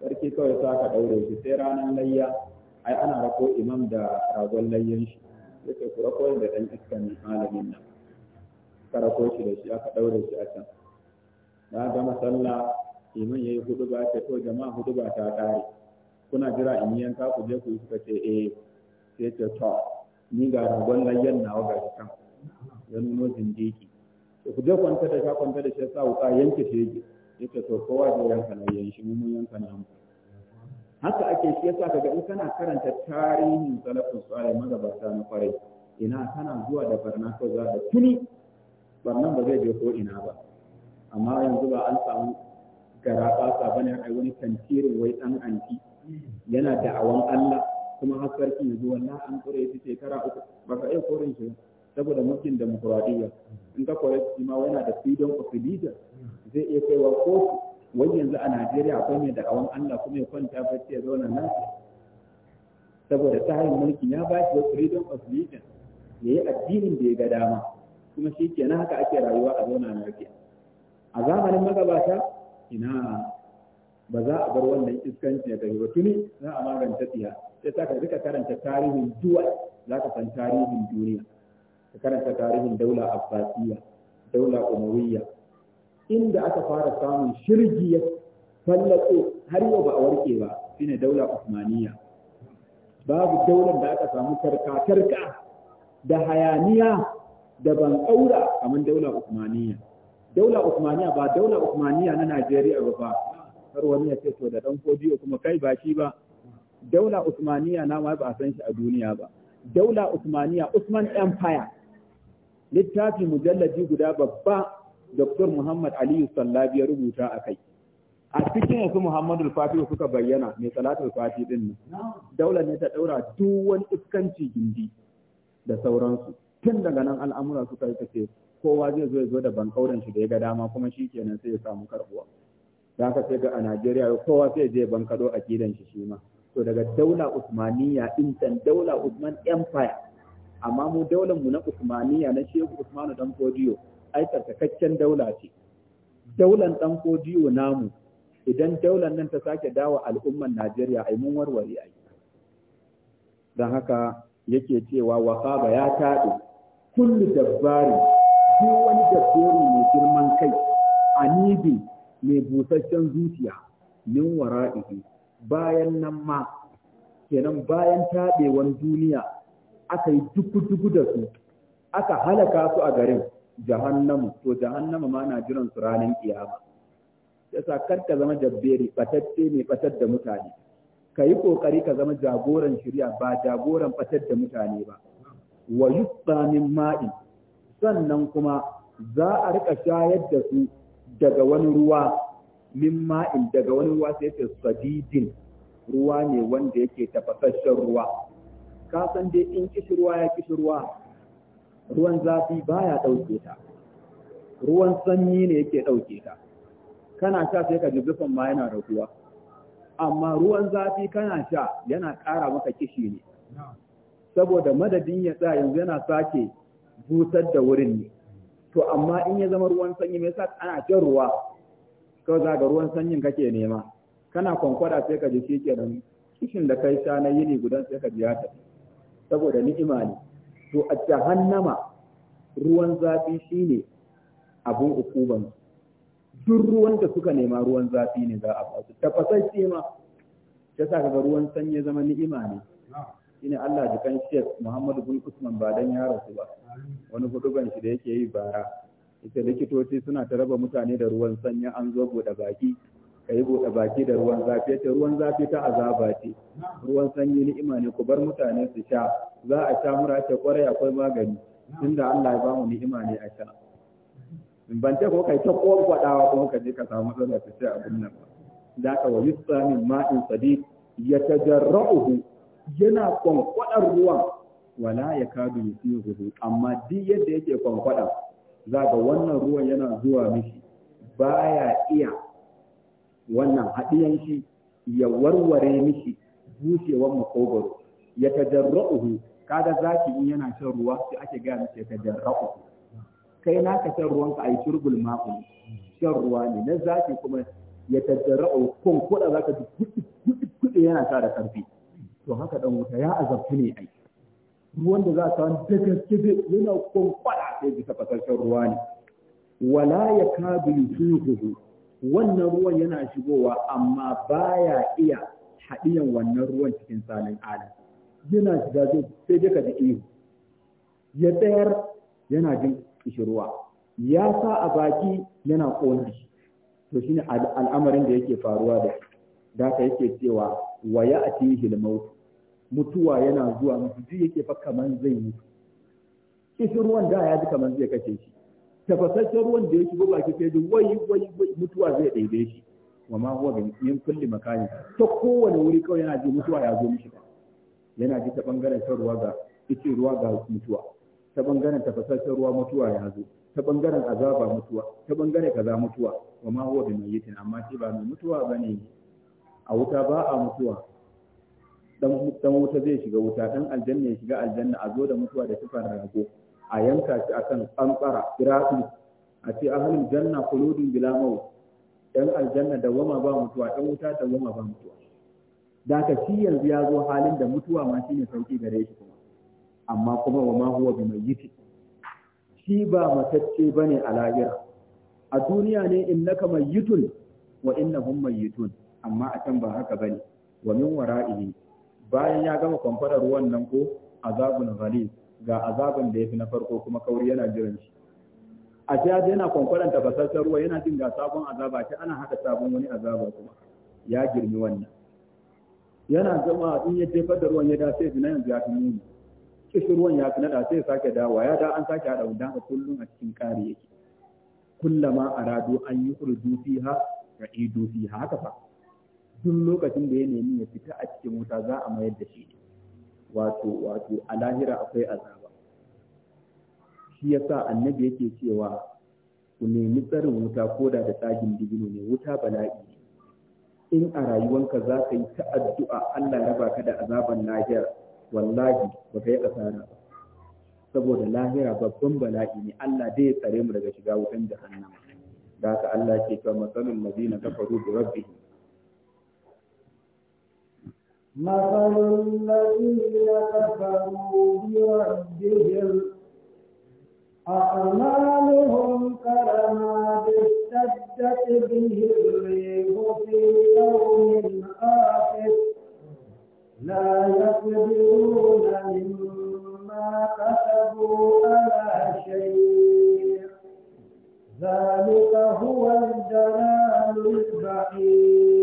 sarki kawai sa ka ɗaure shi sai ranar layya ai ana rako imam da ragon layyan shi yake ku rako da ɗan iskan malamin nan ka rako shi da shi aka ɗaure shi a can na gama sallah imin ya yi hudu ba ta to jama'a hudu ba ta kare kuna jira in yanka ku je ku yi suka ce eh sai ce to ni ga rabon layyan nawa ga kan ya nuno zindiki to ku je kwanta da ka kwanta da shi sa wuka yanke shege ya ce to kowa zai yanka layyan shi mun yanka na mu haka ake shi yasa kaga in kana karanta tarihin salafin salih magabata na kwarai ina kana zuwa da barna ko za da tuni barnan ba zai je ko ina ba amma yanzu ba an samu gara ba bane ai wani tantirin wai dan anti yana da'awan Allah kuma har sarki yanzu wallahi an kore shi shekara uku ba ka iya korin shi saboda mulkin demokuraɗiyya in ka kore shi ma yana da freedom of religion zai iya kaiwa kotu wai yanzu a Najeriya akwai mai da'awan Allah kuma ya kwanta bacci ya zauna nan saboda tsarin mulki ya ba shi freedom of religion ya yi addinin da ya ga dama kuma shi kenan haka ake rayuwa a zauna lafiya a zamanin magabata ina ba za a bar wannan iskanci ya tafi ba tuni za a magance tsiya sai ta ka rika karanta tarihin duwai za ka san tarihin duniya ka karanta tarihin daula abbasiyya daula Umariyya. inda aka fara samun shirgi ya har yau ba a warke ba shine daula usmaniyya babu daular da aka samu Karkatarka, da hayaniya da ban kamar daula usmaniyya daula Usmaniya ba daula Usmaniya na Najeriya ba ba har wani ya ce to da dan kodiyo kuma kai ba shi ba daula Usmaniya na ma ba a san shi a duniya ba daula Usmaniya Usman Empire littafi mujalladi guda babba Dr. Muhammad Aliyu Sallabi ya rubuta a kai. a cikin yanzu Muhammadu Fatihu suka bayyana mai salatul fati din nan daula ne ta daura duk wani iskanci gindi da sauransu tun daga nan al'amura suka yi tafe kowa zai zo ya zo da bankauren shi da ya ga dama kuma shi kenan sai ya samu karbuwa Za ka sai ga a Najeriya kowa sai je bankado a gidan shi shi ma to daga daula Usmaniya in can daula Usman Empire amma mu daular mu na Usmaniya na Shehu Usmanu dan Kodiyo ai tsarkakaccen daula ce daular dan Kodiyo namu idan daular nan ta sake dawa al'umman Najeriya ai mun warware ai don haka yake cewa Wakaba ya taɗe kullu dabbari shi wani gaskiyar mai girman kai anibi mai busasshen zuciya min wara'ihi bayan nan ma kenan bayan taɓewar duniya aka yi duku-duku da su aka halaka su a garin jahannamu to jahannama ma na jiran su ranar kiyama yasa kar ka zama jabberi batacce mai batar da mutane ka yi kokari ka zama jagoran shirya ba jagoran batar da mutane ba wa yi min ma'in sannan kuma za a rika shayar da su daga wani ruwa min ma'in daga wani ruwa sai ce sadidin ruwa ne wanda yake tafasasshen ruwa ka san dai in kishi ruwa ya kishi ruwa ruwan zafi baya dauke ta ruwan sanyi ne yake dauke ta kana sha sai ka zufan ma yana raguwa amma ruwan zafi kana sha yana ƙara maka kishi ne saboda madadin ya tsaya yanzu yana sake busar da wurin ne to amma in ya zama ruwan sanyi mai yasa ana jin ruwa kawai za ga ruwan sanyin kake nema kana kwankwada sai ka ji shi nan, kishin da kai sha na yini gudan sai ka ji ya tafi saboda ni'ima ne to a jahannama ruwan zafi shine abun ukuban duk ruwan da suka nema ruwan zafi ne za a ba su shi ma ya sa kaga ruwan sanyi zama ni'ima ne shine Allah jikan Sheikh Muhammadu bin Usman ba dan ya rasu ba wani ban shi da yake yi bara ita likitoci suna ta raba mutane da ruwan sanyi an zo buɗe baki kai buɗe baki da ruwan zafi ta ruwan zafi ta azaba ce ruwan sanyi ni imani ku bar mutane su sha za a sha mura ce kwarai akwai magani tunda Allah ya ba mu ni'ima ne a sha ban ce ko kai ta kwakwadawa ko ka je ka samu matsala ta ce abin nan ba da ka wa yusra min ma'in sadiq yatajarra'uhu yana kwankwadar ruwan wala ya kadu yusihu amma duk yadda yake kwankwada za ga wannan ruwan yana zuwa mishi baya iya wannan haɗiyan shi ya warware mishi bushewar makogoro ya tajarra'uhu kada zaki in yana shan ruwa sai ake ga mishi ya tajarra'uhu kai na ka shan ruwanka ai turbul ma'u shan ruwa ne na zaki kuma ya tajarra'u kun za zaka ji kuɗi kuɗi yana sa da karfi to haka dan wuta ya azabta ne ai ruwan da za ta da gaske yana kwankwada sai bisa fasashen ruwa ne wala ya kadu yusuhu wannan ruwan yana shigowa amma baya iya haɗiyan wannan ruwan cikin salin adam yana shiga sai dai ka ihu ya tsayar yana jin kishirwa ya sa a baki yana kona shi to shine al'amarin da yake faruwa da shi da yake cewa wa ya'tihi al-maut mutuwa yana zuwa mutu duk yake fa kaman zai mutu kishin ruwan da ya ji kaman zai kace shi tafasasshen ruwan da ya shigo baki sai da wai wai mutuwa zai ɗaiɗe shi wa ma huwa yin kulli makani ta kowane wuri kawai yana ji mutuwa ya zo mishi yana ji ta bangaren shan ruwa ga ice ruwa ga mutuwa ta bangaren tafasasshen ruwa mutuwa ya zo ta bangaren azaba mutuwa ta bangaren kaza mutuwa wa ma huwa bin mayyitin amma shi ba mai mutuwa bane a wuta ba a mutuwa dan wuta zai shiga wuta dan aljanna ya shiga aljanna a zo da mutuwa da tufar rago a yanka shi akan tsantsara firafi a ce ahlul janna kulodin bila maut dan aljanna goma ba mutuwa dan wuta goma ba mutuwa da ka shi yanzu ya zo halin da mutuwa ma shine sauki gare shi kuma amma kuma wa ma huwa bi mayyiti shi ba matacce bane a lahira a duniya ne innaka mayyitun wa innahum mayyitun amma a can ba haka bane wa min wara'ihi bayan ya gama kwamfarar ruwan nan ko azabun ghalib ga azabun da yafi na farko kuma kauri yana jiran shi a ta yana kwamfaran tafasassar ruwa yana jin ga sabon azaba ta ana haka sabon wani azaba kuma ya girmi wannan yana zama in ya jefar da ruwan ya da sai na yanzu ya fi muni kishin ruwan ya fi nada sai sake dawa ya da an sake hada wanda kullum a cikin kare yake kullama aradu an yi urdu fiha ka idu fiha haka fa duk lokacin da ya nemi ya fita a cikin wuta za a mayar da shi wato wato a lahira akwai azaba shi yasa annabi yake cewa ku nemi tsarin wuta ko da da tsagin dibino ne wuta bala'i ne in a rayuwanka za ka yi ta addu'a Allah ya raba ka da azaban lahira wallahi ba ka yi asara ba saboda lahira babban bala'i ne Allah dai ya tsare mu daga shiga wutan jahannama da haka Allah ke cewa masalul ladina kafaru bi rabbihim مثل الذين كفروا بربهم أعمالهم كرماد اشتدت به الريح في يوم آخر لا يقدرون مما كسبوا على شيء ذلك هو الجلال البعيد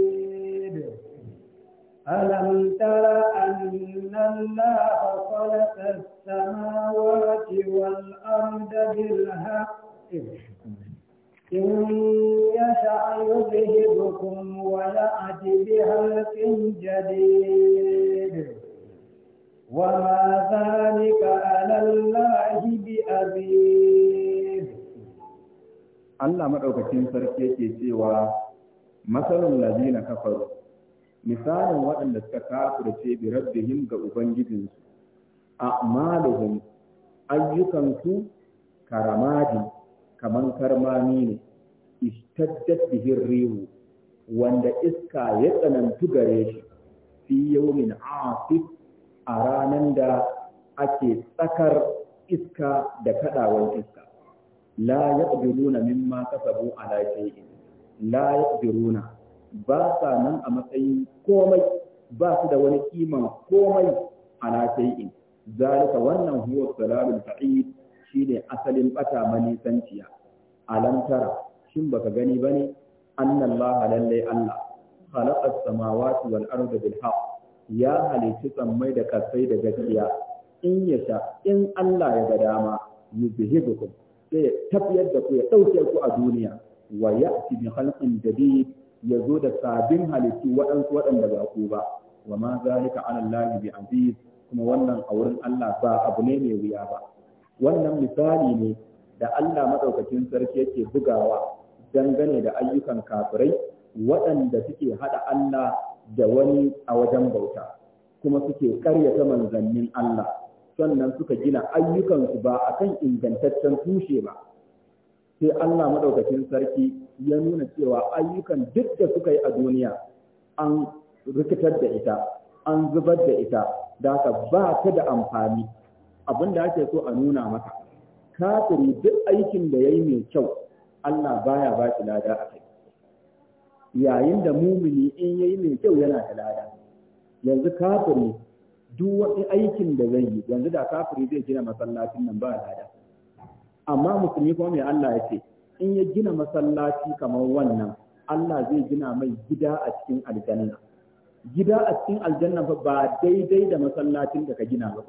ألم تر أن الله خلق السماوات والأرض بالحق إن يشأ يذهبكم ويأت بخلق جديد وما ذلك على الله بأبيد الله مدعوكتين سركيكي سوى مثل الذين كفروا misalin waɗanda suka kafirce bi rabbihim ga ubangijinsu a'maluhum ayyukansu karamadi kaman karmami ne ishtaddat bihi rihu wanda iska ya tsanantu gare shi fi yawmin asif a ranan da ake tsakar iska da kadawar iska la yaqdiruna mimma kasabu ala shay'in la yaqdiruna ba sa nan a matsayin komai ba su da wani ƙiman komai ala shay'in zalika wannan huwa salalul ta'id shine asalin ɓata manisanciya alam alantara. shin baka gani bane annallaha lalle Allah khalaqa as-samawati wal arda bil haqq ya halici tsammai da kasai da gaskiya in ya sha in Allah ya ga dama yuzhibukum sai tafiyar da ku ya ɗauke ku a duniya wa ya'ti bi khalqin jadid ya zo da sabbin halittu waɗansu waɗanda ba ku ba wa ma zalika ala Allah bi aziz kuma wannan a wurin Allah ba abu ne mai wuya ba wannan misali ne da Allah maɗaukacin sarki yake bugawa dangane da ayyukan kafirai waɗanda suke haɗa Allah da wani a wajen bauta kuma suke karyata manzannin Allah sannan suka gina ayyukansu ba akan ingantaccen tushe ba sai Allah maɗaukacin sarki ya nuna cewa ayyukan duk da suka yi a duniya an rikitar da ita an zubar da ita da ka ba ta da amfani abin da ake so a nuna maka kafiri duk aikin da ya yi mai kyau Allah baya ba shi lada a kai yayin da mumini in ya yi mai kyau yana da lada yanzu kafiri duk wani aikin da zai yi yanzu da kafiri zai gina masallacin nan ba lada amma musulmi kuma mai Allah ya ce in ya gina masallaci kamar wannan Allah zai gina mai gida a cikin aljanna gida a cikin aljanna ba daidai da masallacin da ka gina ba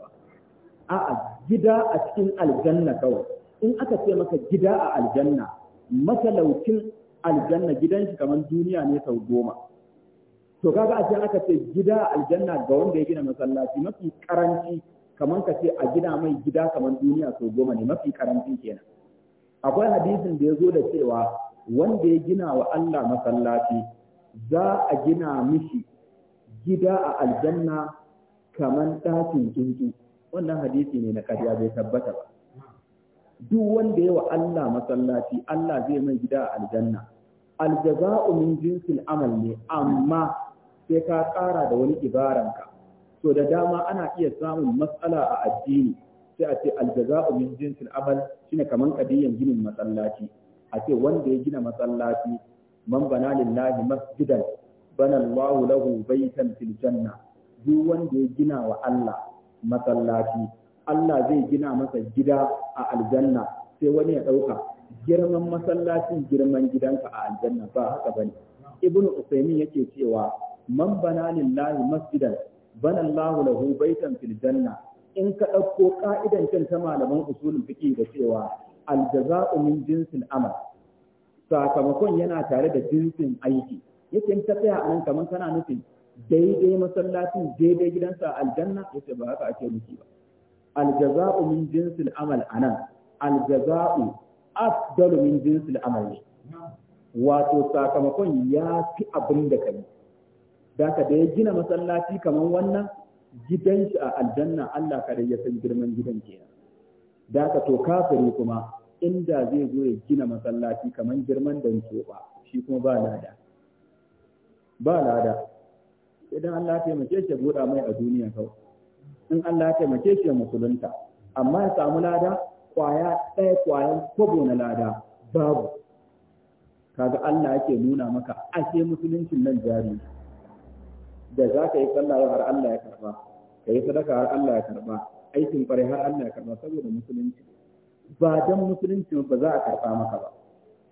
a'a gida a cikin aljanna kawai in aka ce maka gida a aljanna matalaucin aljanna gidan shi kamar duniya ne sau goma to kaga a aka ce gida a aljanna ga wanda ya gina masallaci mafi karanci kamar ka ce a gina mai gida kamar duniya sau goma ne mafi karancin kenan akwai hadisin da ya zo da cewa wanda ya gina wa Allah masallaci za a gina mishi gida a aljanna kaman ɗakin tuntu. wannan hadisi ne na ƙarya bai tabbata ba duk wanda ya wa Allah masallaci Allah zai mai gida a aljanna aljaza'u min jinsil amal ne amma sai ka ƙara da wani ibaranka to da dama ana iya samun matsala a addini sai a ce aljaza'u min jinsil amal shine kaman kadiyan ginin masallaci a ce wanda ya gina masallaci man bana lillahi masjidan bana Allahu lahu baitan fil janna duk wanda ya gina wa Allah masallaci Allah zai gina masa gida a aljanna sai wani ya dauka girman masallacin girman gidanka a aljanna ba haka bane ibnu usaymin yake cewa man bana lillahi masjidan bana Allahu lahu baitan fil janna in ka ɗauko ƙa'idan can ta malaman usulun fiqh da cewa aljaza'u min jinsin amal sakamakon yana tare da jinsin aiki yake ta tsaya nan kamar kana nufin daidai masallacin daidai gidansa aljanna yace ba haka ake nufi ba aljaza'u min jinsin amal anan aljaza'u afdalu min jinsin amal ne wato sakamakon ya fi abin da kai da ka da ya gina masallaci kamar wannan gidan shi a aljanna Allah kada ya san girman gidan kenan da ka to kafiri kuma inda zai zo ya gina masallaci kamar girman da ba shi kuma ba lada ba lada idan Allah ya taimake shi buɗa mai a duniya kawai in Allah ya taimake shi ya musulunta amma ya samu lada kwaya ɗaya kwayan kobo na lada babu kaga Allah yake nuna maka ashe musuluncin nan jari da za ka yi sallah har Allah ya karba ka yi sadaka har Allah ya karba aikin fare har Allah ya karba saboda musulunci ba dan musulunci ba za a karba maka ba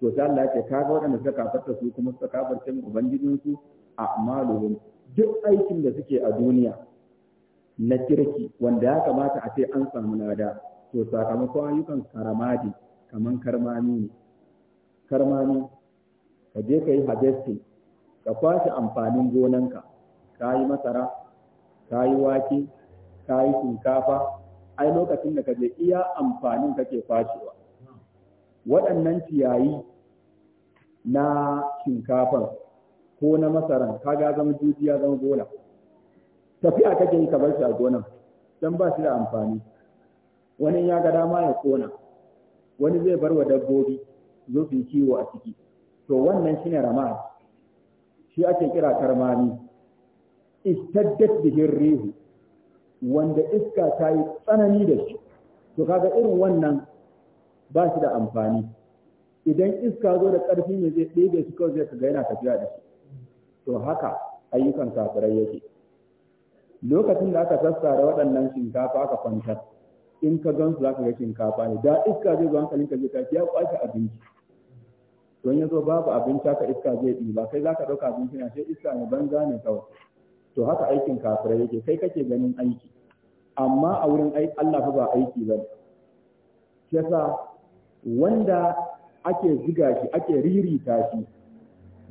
to sai Allah ya ce kaga waɗanda suka kafarta su kuma suka kafarta su a amaluhum duk aikin da suke a duniya na kirki wanda ya kamata a ce an samu nada. to sakamakon ayyukan karamadi kaman karmami ne karmami ka je ka yi ka kwashe amfanin gonanka Kayi masara kayi wake kayi shinkafa ai lokacin da ka je iya amfanin kake fashewa. waɗannan ciyayi na shinkafan ko na masaran kaga zama jujiya zama gona tafiya kake yi ka bar shi a gonan dan ba shi da amfani wani ya ga dama ya kona wani zai bar wa dabbobi zo su kiwo a ciki to wannan shine ramad shi ake kira karmami istaddat bihi rihu wanda iska ta yi tsanani da shi to kaga irin wannan ba shi da amfani idan iska zo da karfi ne zai ɗebe shi kawai zai kaga yana tafiya da shi to haka ayyukan kafirai yake lokacin da aka sassara waɗannan shinkafa aka kwantar in ka gan su zaka ga shinkafa ne da iska zai zo hankalin ka zai tafi ya kwashi abinci don ya zo babu abinci haka iska zai ɗiba kai zaka ɗauka abinci na sai iska ne banza ne kawai to haka aikin kafirai yake kai kake ganin aiki amma a wurin Allah fa ba aiki ba. yasa wanda ake ziga shi ake ririta shi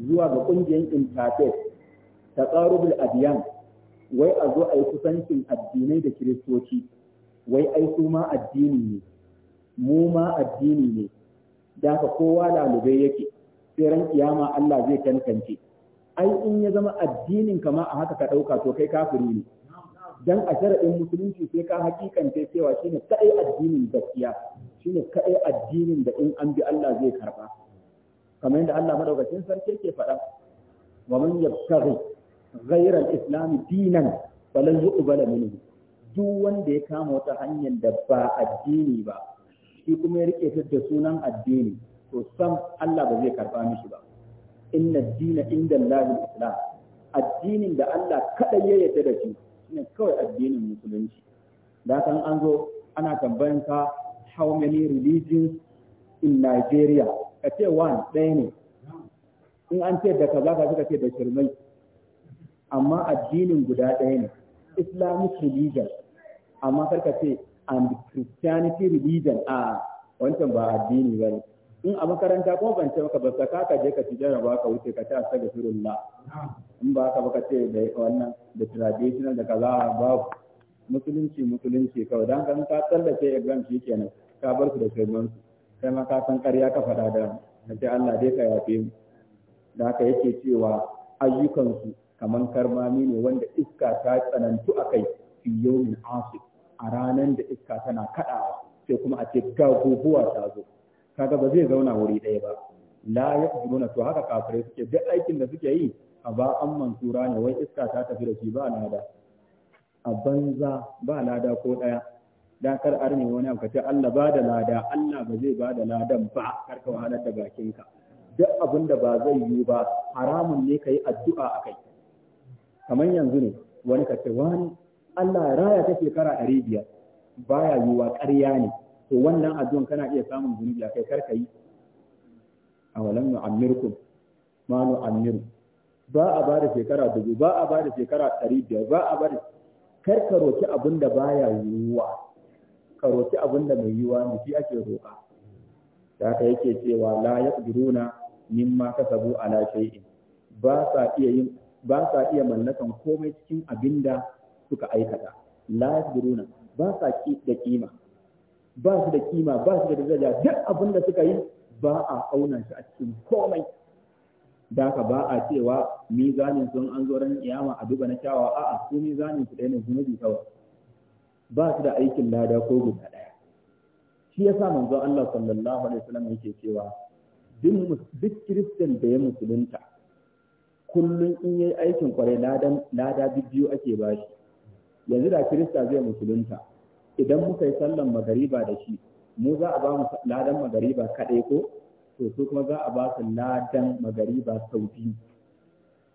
zuwa ga kungiyar intafet ta tsarubul adiyan wai a zo a yi kusancin addinai da kiristoci wai ai su ma addini ne mu ma addini ne da ka kowa lalube yake sai ran kiyama Allah zai tantance ai in ya zama addinin kama a haka ka ɗauka to kai kafiri ne dan a sharaɗin musulunci sai ka hakikance cewa shine kaɗai addinin gaskiya shine kaɗai addinin da in an bi Allah zai karba. kamar yadda Allah madaukakin sarki yake faɗa wa man yabtaghi ghayra al-islam dinan falan yuqbala minhu duk wanda ya kama wata hanyar da ba addini ba shi kuma ya rike ta da sunan addini to sam Allah ba zai karɓa mishi ba inna dina inda Allahul Islam addinin da Allah kadai ya yarda da shi shine kawai addinin musulunci da kan an zo ana tambayan ka how many religions in Nigeria ka ce one ɗaya ne in an ce da kaza ka kace ce da shirmai amma addinin guda ɗaya ne Islamic religion amma karka ce and Christianity religion a wancan ba addini ba ne in a makaranta ko ban ce maka ba ka ka je ka ci ba ka wuce ka ci astaghfirullah in ba ka baka ce da wannan da traditional da kaza babu musulunci musulunci kawai dan kan ka tsallake shi kenan ka bar su da shirman su kai ma ka san ƙarya ka faɗa da na ce Allah dai ka yafe mu da haka yake cewa ayyukansu kamar karmami ne wanda iska ta tsanantu a kai fi yawmin asif a ranar da iska tana kaɗa. sai kuma a ce ga guguwa ta zo kaga ba zai zauna wuri ɗaya ba la yaqdiruna to haka kafirai suke duk aikin da suke yi a ba an mansura ne wai iska ta tafi da shi ba lada a banza ba lada ko ɗaya dan kar arne wani abu kace Allah ba da lada Allah ba zai ba da ladan ba kar ka wahalar da bakinka duk abin da ba zai yi ba haramun ne kai addu'a akai kamar yanzu ne wani kace wani Allah ya raya ta shekara 500 baya yiwa ƙarya ne to wannan addu'an kana iya samun zunubi akai kar ka yi a walam nu'ammirkum ma nu'ammiru ba a bada shekara dubu ba a bada shekara ɗari biyar ba a bada kar ka roki abin da baya yiwuwa ka roki abin da mai yiwuwa ne shi ake roka. da haka yake cewa la yaqdiruna mimma kasabu ala shay'in ba sa iya yin ba sa iya mallakan komai cikin abin da suka aikata la yaqdiruna ba sa ki da kima ba su da kima ba su da daraja duk abin da suka yi ba a auna shi a cikin komai da haka ba a cewa mizanin sun an zo ran iyama a duba na kyawa a'a su mizanin su ɗaya ne zunubi kawai ba su da aikin lada ko guda ɗaya shi yasa manzo Allah sallallahu alaihi wasallam yake cewa duk kiristan da ya musulunta kullum in yayi aikin kwarai ladan lada biyu ake bashi yanzu da kirista zai musulunta idan muka yi sallan magariba da shi mu za a ba mu ladan magariba kaɗai ko to su kuma za a ba su ladan magariba sau biyu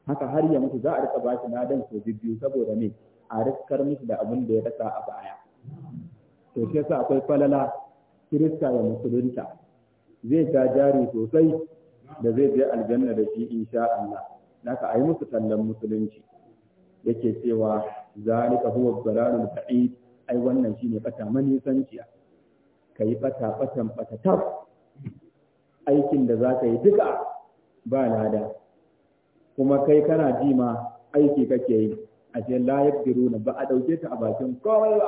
haka har ya mutu za a rika ba shi ladan sau biyu saboda me a rikar musu da abin da ya rasa a baya to shi yasa akwai falala kirista da musulunta zai ta jari sosai da zai je aljanna da shi insha Allah naka ayi musu tallan musulunci yake cewa zalika huwa dhalalul ta'id ai wannan shine bata manisanciya kai bata batan bata tab aikin da za ka yi duka ba lada kuma kai kana ji ma aiki kake yi a ce la yaqdiruna ba a ɗauke ta a bakin komai ba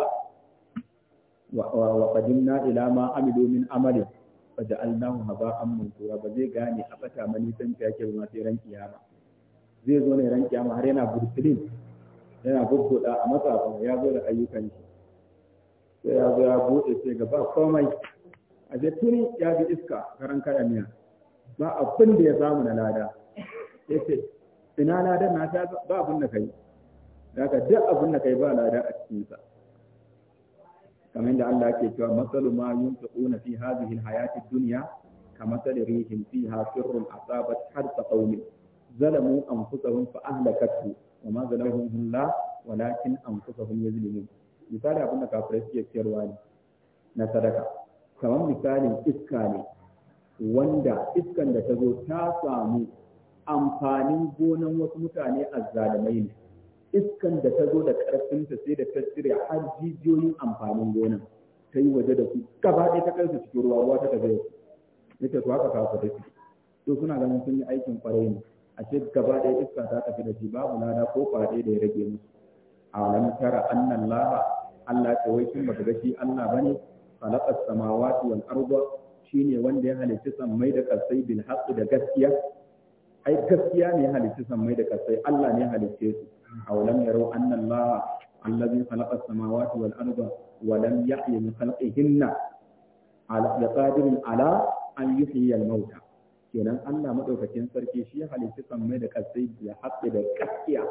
wa qadimna ila ma amilu min amali fa ja'alnahu haba'an mansura ba zai gane a bata manisanci ke ma sai ran kiyama zai zo ne ran kiyama har yana burtulin yana bubbuda a matsafa ya zo da ayyukan shi sai ya zo ya sai ga ba komai a je tuni ya bi iska garan kada miya ba abin da ya samu na lada ya ce ina ladan na ta ba abun da kai daga duk abun da kai ba lada a cikinsa kamar yadda Allah ke cewa matsalu ma yin tuɓo na fi hazihin hayati duniya ka matsalin rihin fi hafirun a sabat har ta tsaunin zalamu an fusa hun fa'ahlakatu wa ma zalahun hun la walakin an fusa hun ya misali abin da kafirai suke siyarwa ne na sadaka kamar misalin iska ne wanda iskan da ta zo ta samu amfanin gonan wasu mutane a zalimai ne iskan da ta zo da ta sai da ta cire har jijiyoyin amfanin gonan ta yi waje da su gaba ɗaya ta ƙarfi cikin ruwa ruwa ta tafiya ya ce su haka da su to suna ganin sun yi aikin kwarai ne a ce gaba ɗaya iska ta tafi da shi babu lada ko kwaɗe da ya rage musu a wani tara annan laha Allah ya wai kin baka gashi Allah bane khalaqas samawati wal arda shine wanda ya halicci sammai da kasai bil haqqi da gaskiya ai gaskiya ne halicci sammai da kasai Allah ne halicce su aw lam yaraw anna Allah allazi khalaqas samawati wal arda wa lam yahyi min khalqihinna ala yaqadirin ala an yuhyi al mauta kenan Allah madaukakin sarki shi ya halicci sammai da kasai da haqqi da gaskiya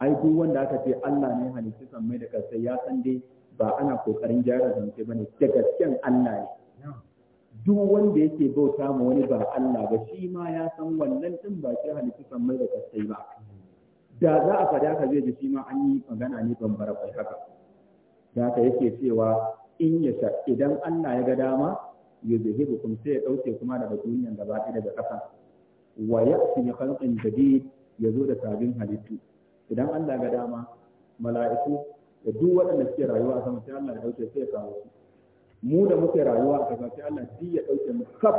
ai duk wanda aka ce Allah ne halitta mai da kasai ya san dai ba ana kokarin gyara zance bane da gasken Allah ne duk wanda yake bauta ma wani ba Allah ba shi ma ya san wannan din ba shi halitta mai da kasai ba da za a faɗa ka zai ji shi ma an yi magana ne bambara kai haka da haka yake cewa in ya sha idan Allah ya ga dama ya zai kuma sai ya ɗauke kuma daga duniyan gaba ɗaya daga ƙasa wa ya fi khalqin jadid ya zo da sabbin halittu idan Allah ga dama mala'iku da duk waɗanda suke rayuwa a sama sai Allah ya dauke sai ya kawo su mu da muke rayuwa a sama sai Allah shi ya dauke mu kaf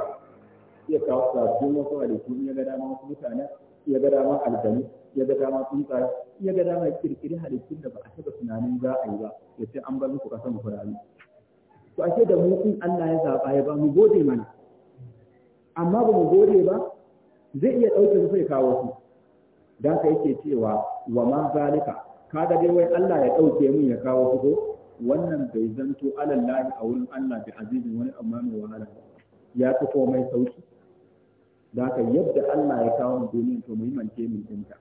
ya kawo sabbin wasu halittu ya ga dama wasu mutane ya ga dama aljanu ya ga dama tsuntsaye ya ga dama kirkiri halittun da ba a taɓa tunanin za a yi ba ya ce an bar muku ƙasar ku rayu to ashe da mu in Allah ya zaɓa ya ba mu gode mana amma ba mu gode ba zai iya ɗauke mu sai kawo su da haka yake cewa wa man zalika kaga dai wai Allah ya dauke mu ya kawo fito wannan bai zanto alallahi a wurin Allah bi azizin wani amma mai wahala ya fi komai sauki da ka yadda Allah ya kawo mu duniya to mu yi mantemin ɗinta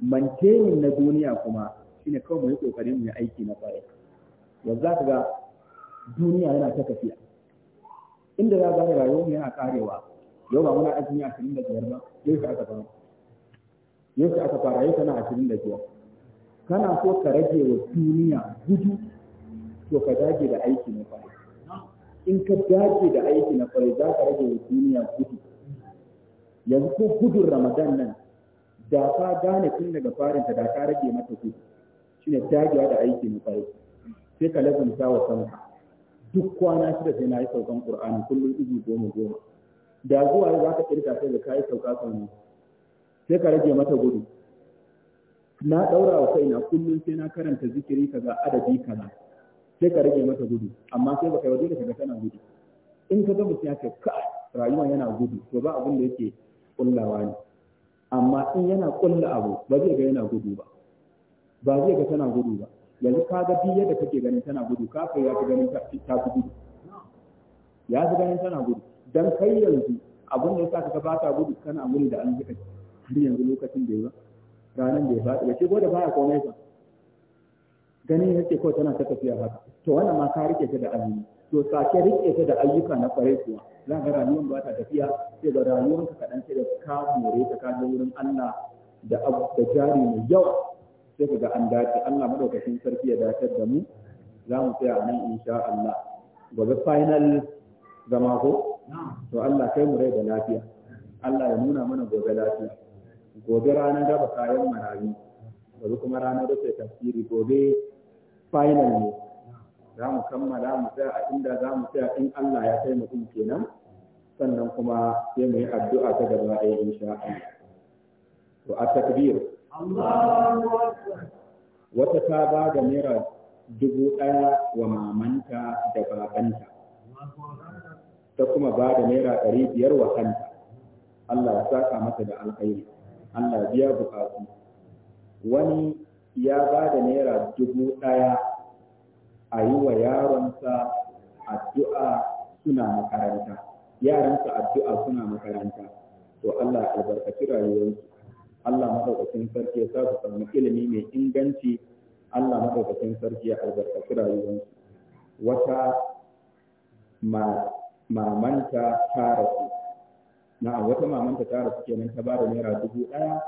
mantemin na duniya kuma shine kawai mu yi kokari mu yi aiki na kwaye yanzu za ka ga duniya yana ta tafiya inda za ka ga rayuwar yana karewa yau ba muna azumi 25 da ba yau ka aka ba yau aka fara yi tana ashirin da biyar kana so ka rage wa duniya gudu to ka dage da aiki na kwarai in ka dage da aiki na kwarai za ka rage wa duniya gudu yanzu ko gudun ramadan nan da ka gane tun daga farinta da ka rage mata gudu shine dagewa da aiki na kwarai sai ka lazumta wa kanka duk kwana shida sai na yi saukan qur'ani kullum izu goma goma da zuwa za ka kirka sai da ka yi sauka sau sai ka rage mata gudu na ɗaura wa kaina kullum sai na karanta zikiri kaza adadi kaza sai ka rage mata gudu amma sai baka yi dole kaga tana gudu in ka ga mutum ya ce ka rayuwa yana gudu to ba abin da yake kullawa ne amma in yana kulla abu ba zai ga yana gudu ba ba zai ga tana gudu ba yanzu ka ga duk yadda kake ganin tana gudu ka ya fi ganin ta fi gudu ya fi ganin tana gudu dan kai yanzu abin da ya ka ba ta gudu kana gudu da an zika har yanzu lokacin bai ba ranar ya faɗi ba ko da ba a komai ba gani yake ko tana ta tafiya haka to wannan ma ka rike ta da azumi to sake rike ta da ayyuka na kwarai kuwa za ga rayuwar ba ta tafiya sai ga rayuwar ka kadan sai da ka more ta ka je wurin Allah da abu da jari mai yawa sai ka ga an dace Allah madaukakin sarki ya dace da mu za mu tsaya nan insha Allah gobe final zama ko to Allah kai mu rai da lafiya Allah ya nuna mana gobe lafiya gobe ranar raba kayan marayu gobe kuma ranar rufe tafsiri gobe final ne za mu kammala mu tsaya a inda za mu tsaya in Allah ya kai mutum kenan sannan kuma sai mu yi addu'a ta gaba ɗaya insha Allah to a takbir wata ta ba da naira dubu ɗaya wa mamanta da babanta ta kuma ba da naira ɗari biyar wa kanta Allah ya saka mata da alkhairi Allah biya bukatu wani ya ba da naira dubu ɗaya a yi wa yaronsa addu'a suna makaranta yaransa addu'a suna makaranta to Allah albarkaci rayuwarsu Allah madaukakin sarki ya sa samu ilimi mai inganci Allah madaukakin sarki ya albarkaci rayuwarsu wata mamanta ta na wata maman ta rasu kenan ta bada naira dubu ɗaya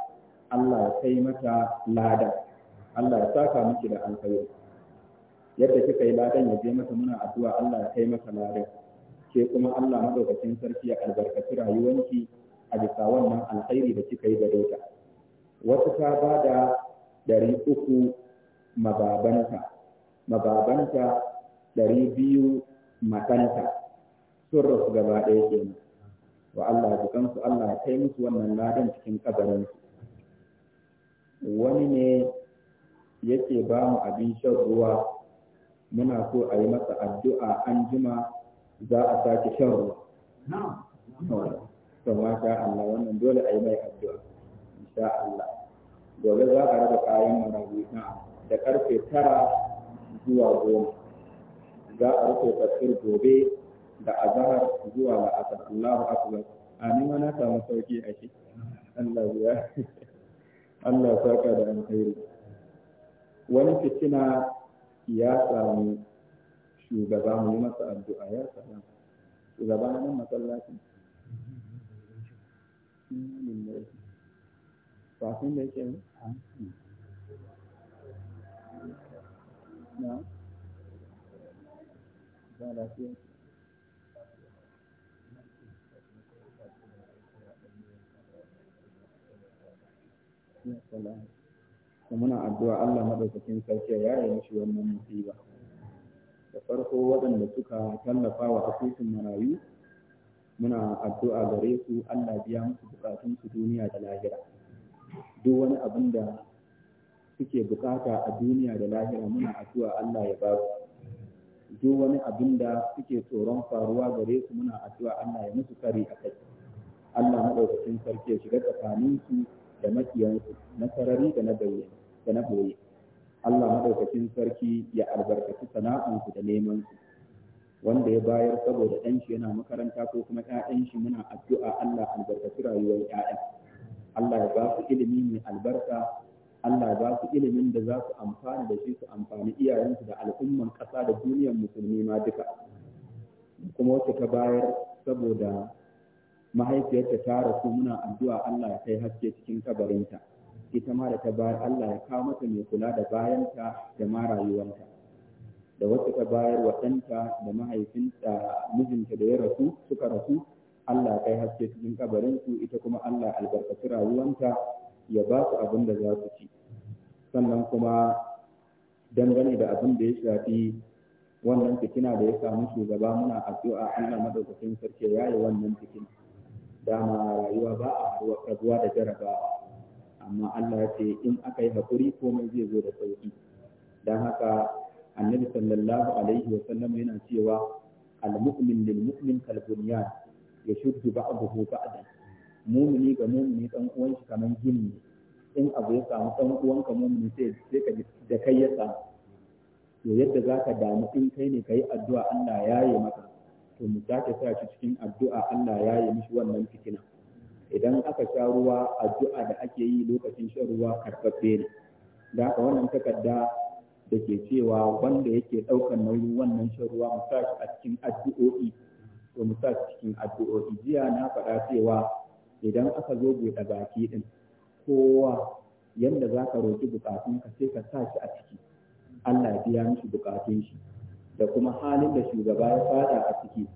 Allah ya kai mata lada Allah ya saka miki da alkhairi yadda kika yi ladan ya je mata muna addu'a Allah ya kai mata lada, ke kuma Allah madaukakin sarki ya albarkaci rayuwanki a bisa wannan alkhairi da kika yi gare ta wata ta da ɗari uku mababanta mababanta ɗari biyu matanta sun rasu gaba ɗaya kenan wa Allah ya su Allah ya kai musu wannan ladan cikin kabarin wani ne yake ba mu abin shan ruwa muna so a yi masa addu'a an jima za a sake shan ruwa to sha Allah wannan dole a yi mai addu'a insha Allah gobe za a raba kayan marawi na da karfe tara zuwa goma za a rufe tafsir gobe da azhar zuwa asar Allahu akbar a ni ma na samu sauki a shi Allah ya Allah ya saka da alkhairi wani fitina ya samu shugaba mu yi masa addu'a ya samu shugaba na masallacin kafin da yake na ba lafiya muna addu'a Allah madaukakin sarki ya yi mishi wannan musiba da farko waɗanda suka tallafa wa asusun marayu muna addu'a gare su Allah biya musu bukatun su duniya da lahira duk wani abin da suke bukata a duniya da lahira muna addu'a Allah ya ba su duk wani abin da suke tsoron faruwa gare su muna addu'a Allah ya musu kari a kai Allah madaukakin sarki ya shiga tsakanin su da makiyansu na sarari da na bayyana da na boye Allah madaukakin sarki ya albarkaci sana'ansu da neman su wanda ya bayar saboda ɗan shi yana makaranta ko kuma ƴaƴan shi muna addu'a Allah albarkaci rayuwar ƴaƴan Allah ya ba su ilimi mai albarka Allah ya ba su ilimin da za su amfana da shi su amfani iyayensu da al'umman ƙasa da duniyar musulmi ma duka kuma wacce ta bayar saboda mahaifiyarta ta rasu muna addu'a Allah ya kai haske cikin kabarinta ita ma da ta bayar Allah ya kawo mata mai kula da bayanta da ma rayuwarta da wacce ta bayar wa ɗanta da mahaifinta mijinta da ya rasu suka rasu Allah ya kai haske cikin kabarinsu ita kuma Allah albarkaci rayuwanta ya ba su abin da za su ci sannan kuma dangane da abin da ya shafi wannan fitina da ya samu shugaba muna addu'a Allah madaukakin sarki ya yi wannan fitina dama rayuwa ba a rabuwa da jarabawa amma Allah ya ce in aka yi hakuri komai zai zo da sauki don haka annabi sallallahu alaihi wa sallam yana cewa al-mu'min lil mu'min kal bunyan yashuddu ba'dahu ba'da mumini ga mumini dan uwan shi kaman gini ne in abu ya samu dan ka mumini sai sai ka da kai ya samu to yadda zaka damu in kai ne kai addu'a Allah ya yi maka to mu sake sa shi cikin addu'a Allah ya yi mishi wannan fitina idan aka sha ruwa addu'a da ake yi lokacin shan ruwa karfafe ne da haka wannan takarda da ke cewa wanda yake ɗaukar nauyin wannan shan ruwa mu sa shi a cikin addu'o'i to mu sa shi cikin addu'o'i jiya na faɗa cewa idan aka zo buɗe baki ɗin kowa yadda za ka roƙi buƙatunka sai ka sa shi a ciki Allah ya biya mishi buƙatun shi da kuma halin da shugaba ya fada a ciki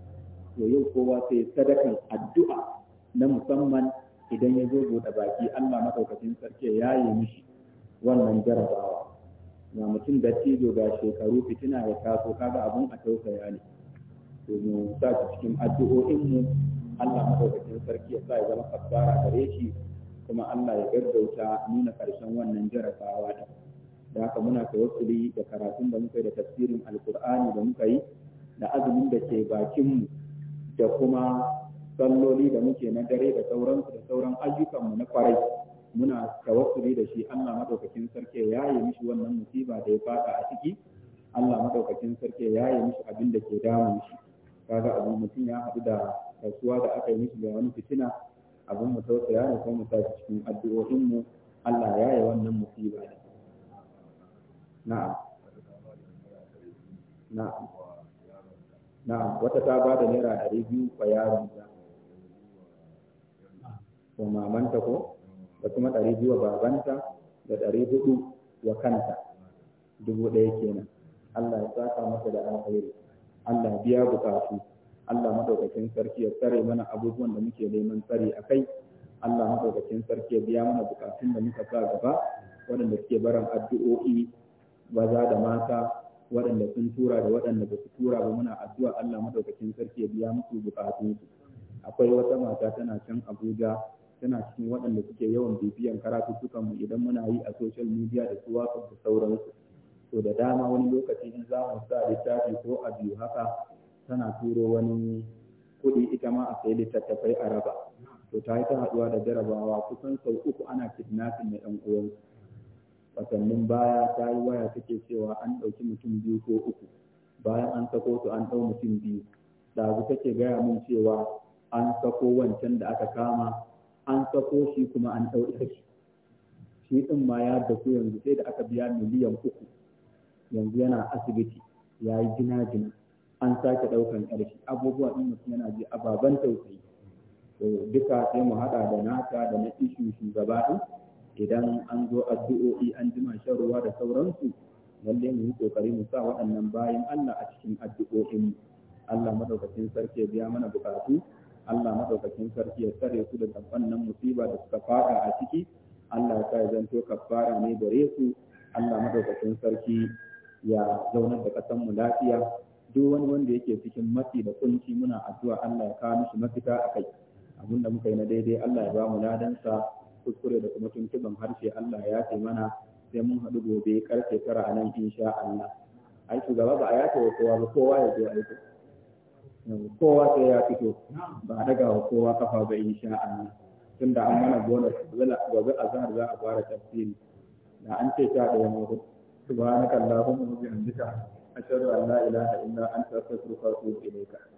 to yau kowa sai sadakan addu'a na musamman idan ya zo buɗe baki Allah madaukakin sarki ya yi mishi wannan jarabawa na mutum da tijo ga shekaru fitina ya taso kaga abun a tausaya ne to mu sa cikin addu'o'in mu Allah madaukakin sarki ya sa ya zama kaddara gare shi kuma Allah ya gaggauta nuna karshen wannan jarabawa da da haka muna tawassuli da karatun da muka yi da tafsirin alkur'ani da muka yi da azumin da ke bakinmu da kuma salloli da muke na dare da sauransu da sauran ayyukanmu na kwarai muna tawassuli da shi Allah madaukakin sarki ya yi mishi wannan musiba da ya fada a ciki Allah maɗaukakin sarki ya yi mishi abin da ke damun shi kaga abin mutum ya haɗu da kasuwa da aka yi mishi da wani fitina abin mu tausaya da kuma mu cikin addu'o'in mu Allah ya yi wannan musiba da na'am wata ta ba da naira ɗari biyu wa yaronta wa mamanta ko da kuma ɗari wa babanta da ɗari wa kanta dubu ɗaya kenan Allah ya saka masa da alkhairi Allah biya bukatu Allah madaukakin sarki ya tsare mana abubuwan da muke neman tsari a kai Allah madaukakin sarki ya biya mana bukatun da muka sa gaba waɗanda suke barin addu'o'i maza da mata waɗanda sun tura da waɗanda ba su tura ba muna addu'a Allah madaukakin sarki ya biya musu bukatunsu akwai wata mata tana can Abuja tana cikin waɗanda suke yawan bibiyan karatuttukan mu idan muna yi a social media da su WhatsApp da sauransu to da dama wani lokaci in za mu sa littafi ko a biyu haka tana turo wani kuɗi ita ma a sayi littattafai a raba to ta yi ta haɗuwa da jarabawa kusan sau uku ana kidnapping na ɗan uwansu watannin baya ta yi waya take cewa an ɗauki mutum biyu ko uku bayan an sako su an ɗau mutum biyu ɗazu take gaya min cewa an sako wancan da aka kama an sako shi kuma an ɗau ita shi shi ɗin ma ya dafu yanzu sai da aka biya miliyan uku yanzu yana asibiti ya yi gina jina an sake ɗaukan ƙarshe abubuwa ɗin mutum yana ji ababen tausayi duka sai mu haɗa da nata da na ishu shugaba ɗin idan an zo addu'o'i an shan ruwa da sauransu lalle mu yi kokari mu sa waɗannan bayan Allah a cikin addu'o'in Allah madaukakin sarki ya biya mana bukatu Allah madaukakin sarki ya tsare su daga wannan musiba da suka fada a ciki Allah ya sa ya zanto kafara ne gare su Allah madaukakin sarki ya zaunar da ƙasar mu lafiya duk wani wanda yake cikin matsi da kunci muna addu'a Allah ya kawo mishi mafita akai abinda muka yi na daidai Allah ya ba mu ladansa kuskure da kuma tuntuban harshe Allah ya ce mana sai mun haɗu gobe karfe tara a nan insha Allah ai shugaba ba a yafe wa kowa ba kowa ya zo aiki kowa sai ya fito ba a daga wa kowa kafa ba insha Allah tunda an mana bonus gobe a zahar za a fara tafsiri da an ce sha ɗaya mu subhanaka allahumma wa bihamdika ashhadu an la ilaha illa anta astaghfiruka wa atubu ilayka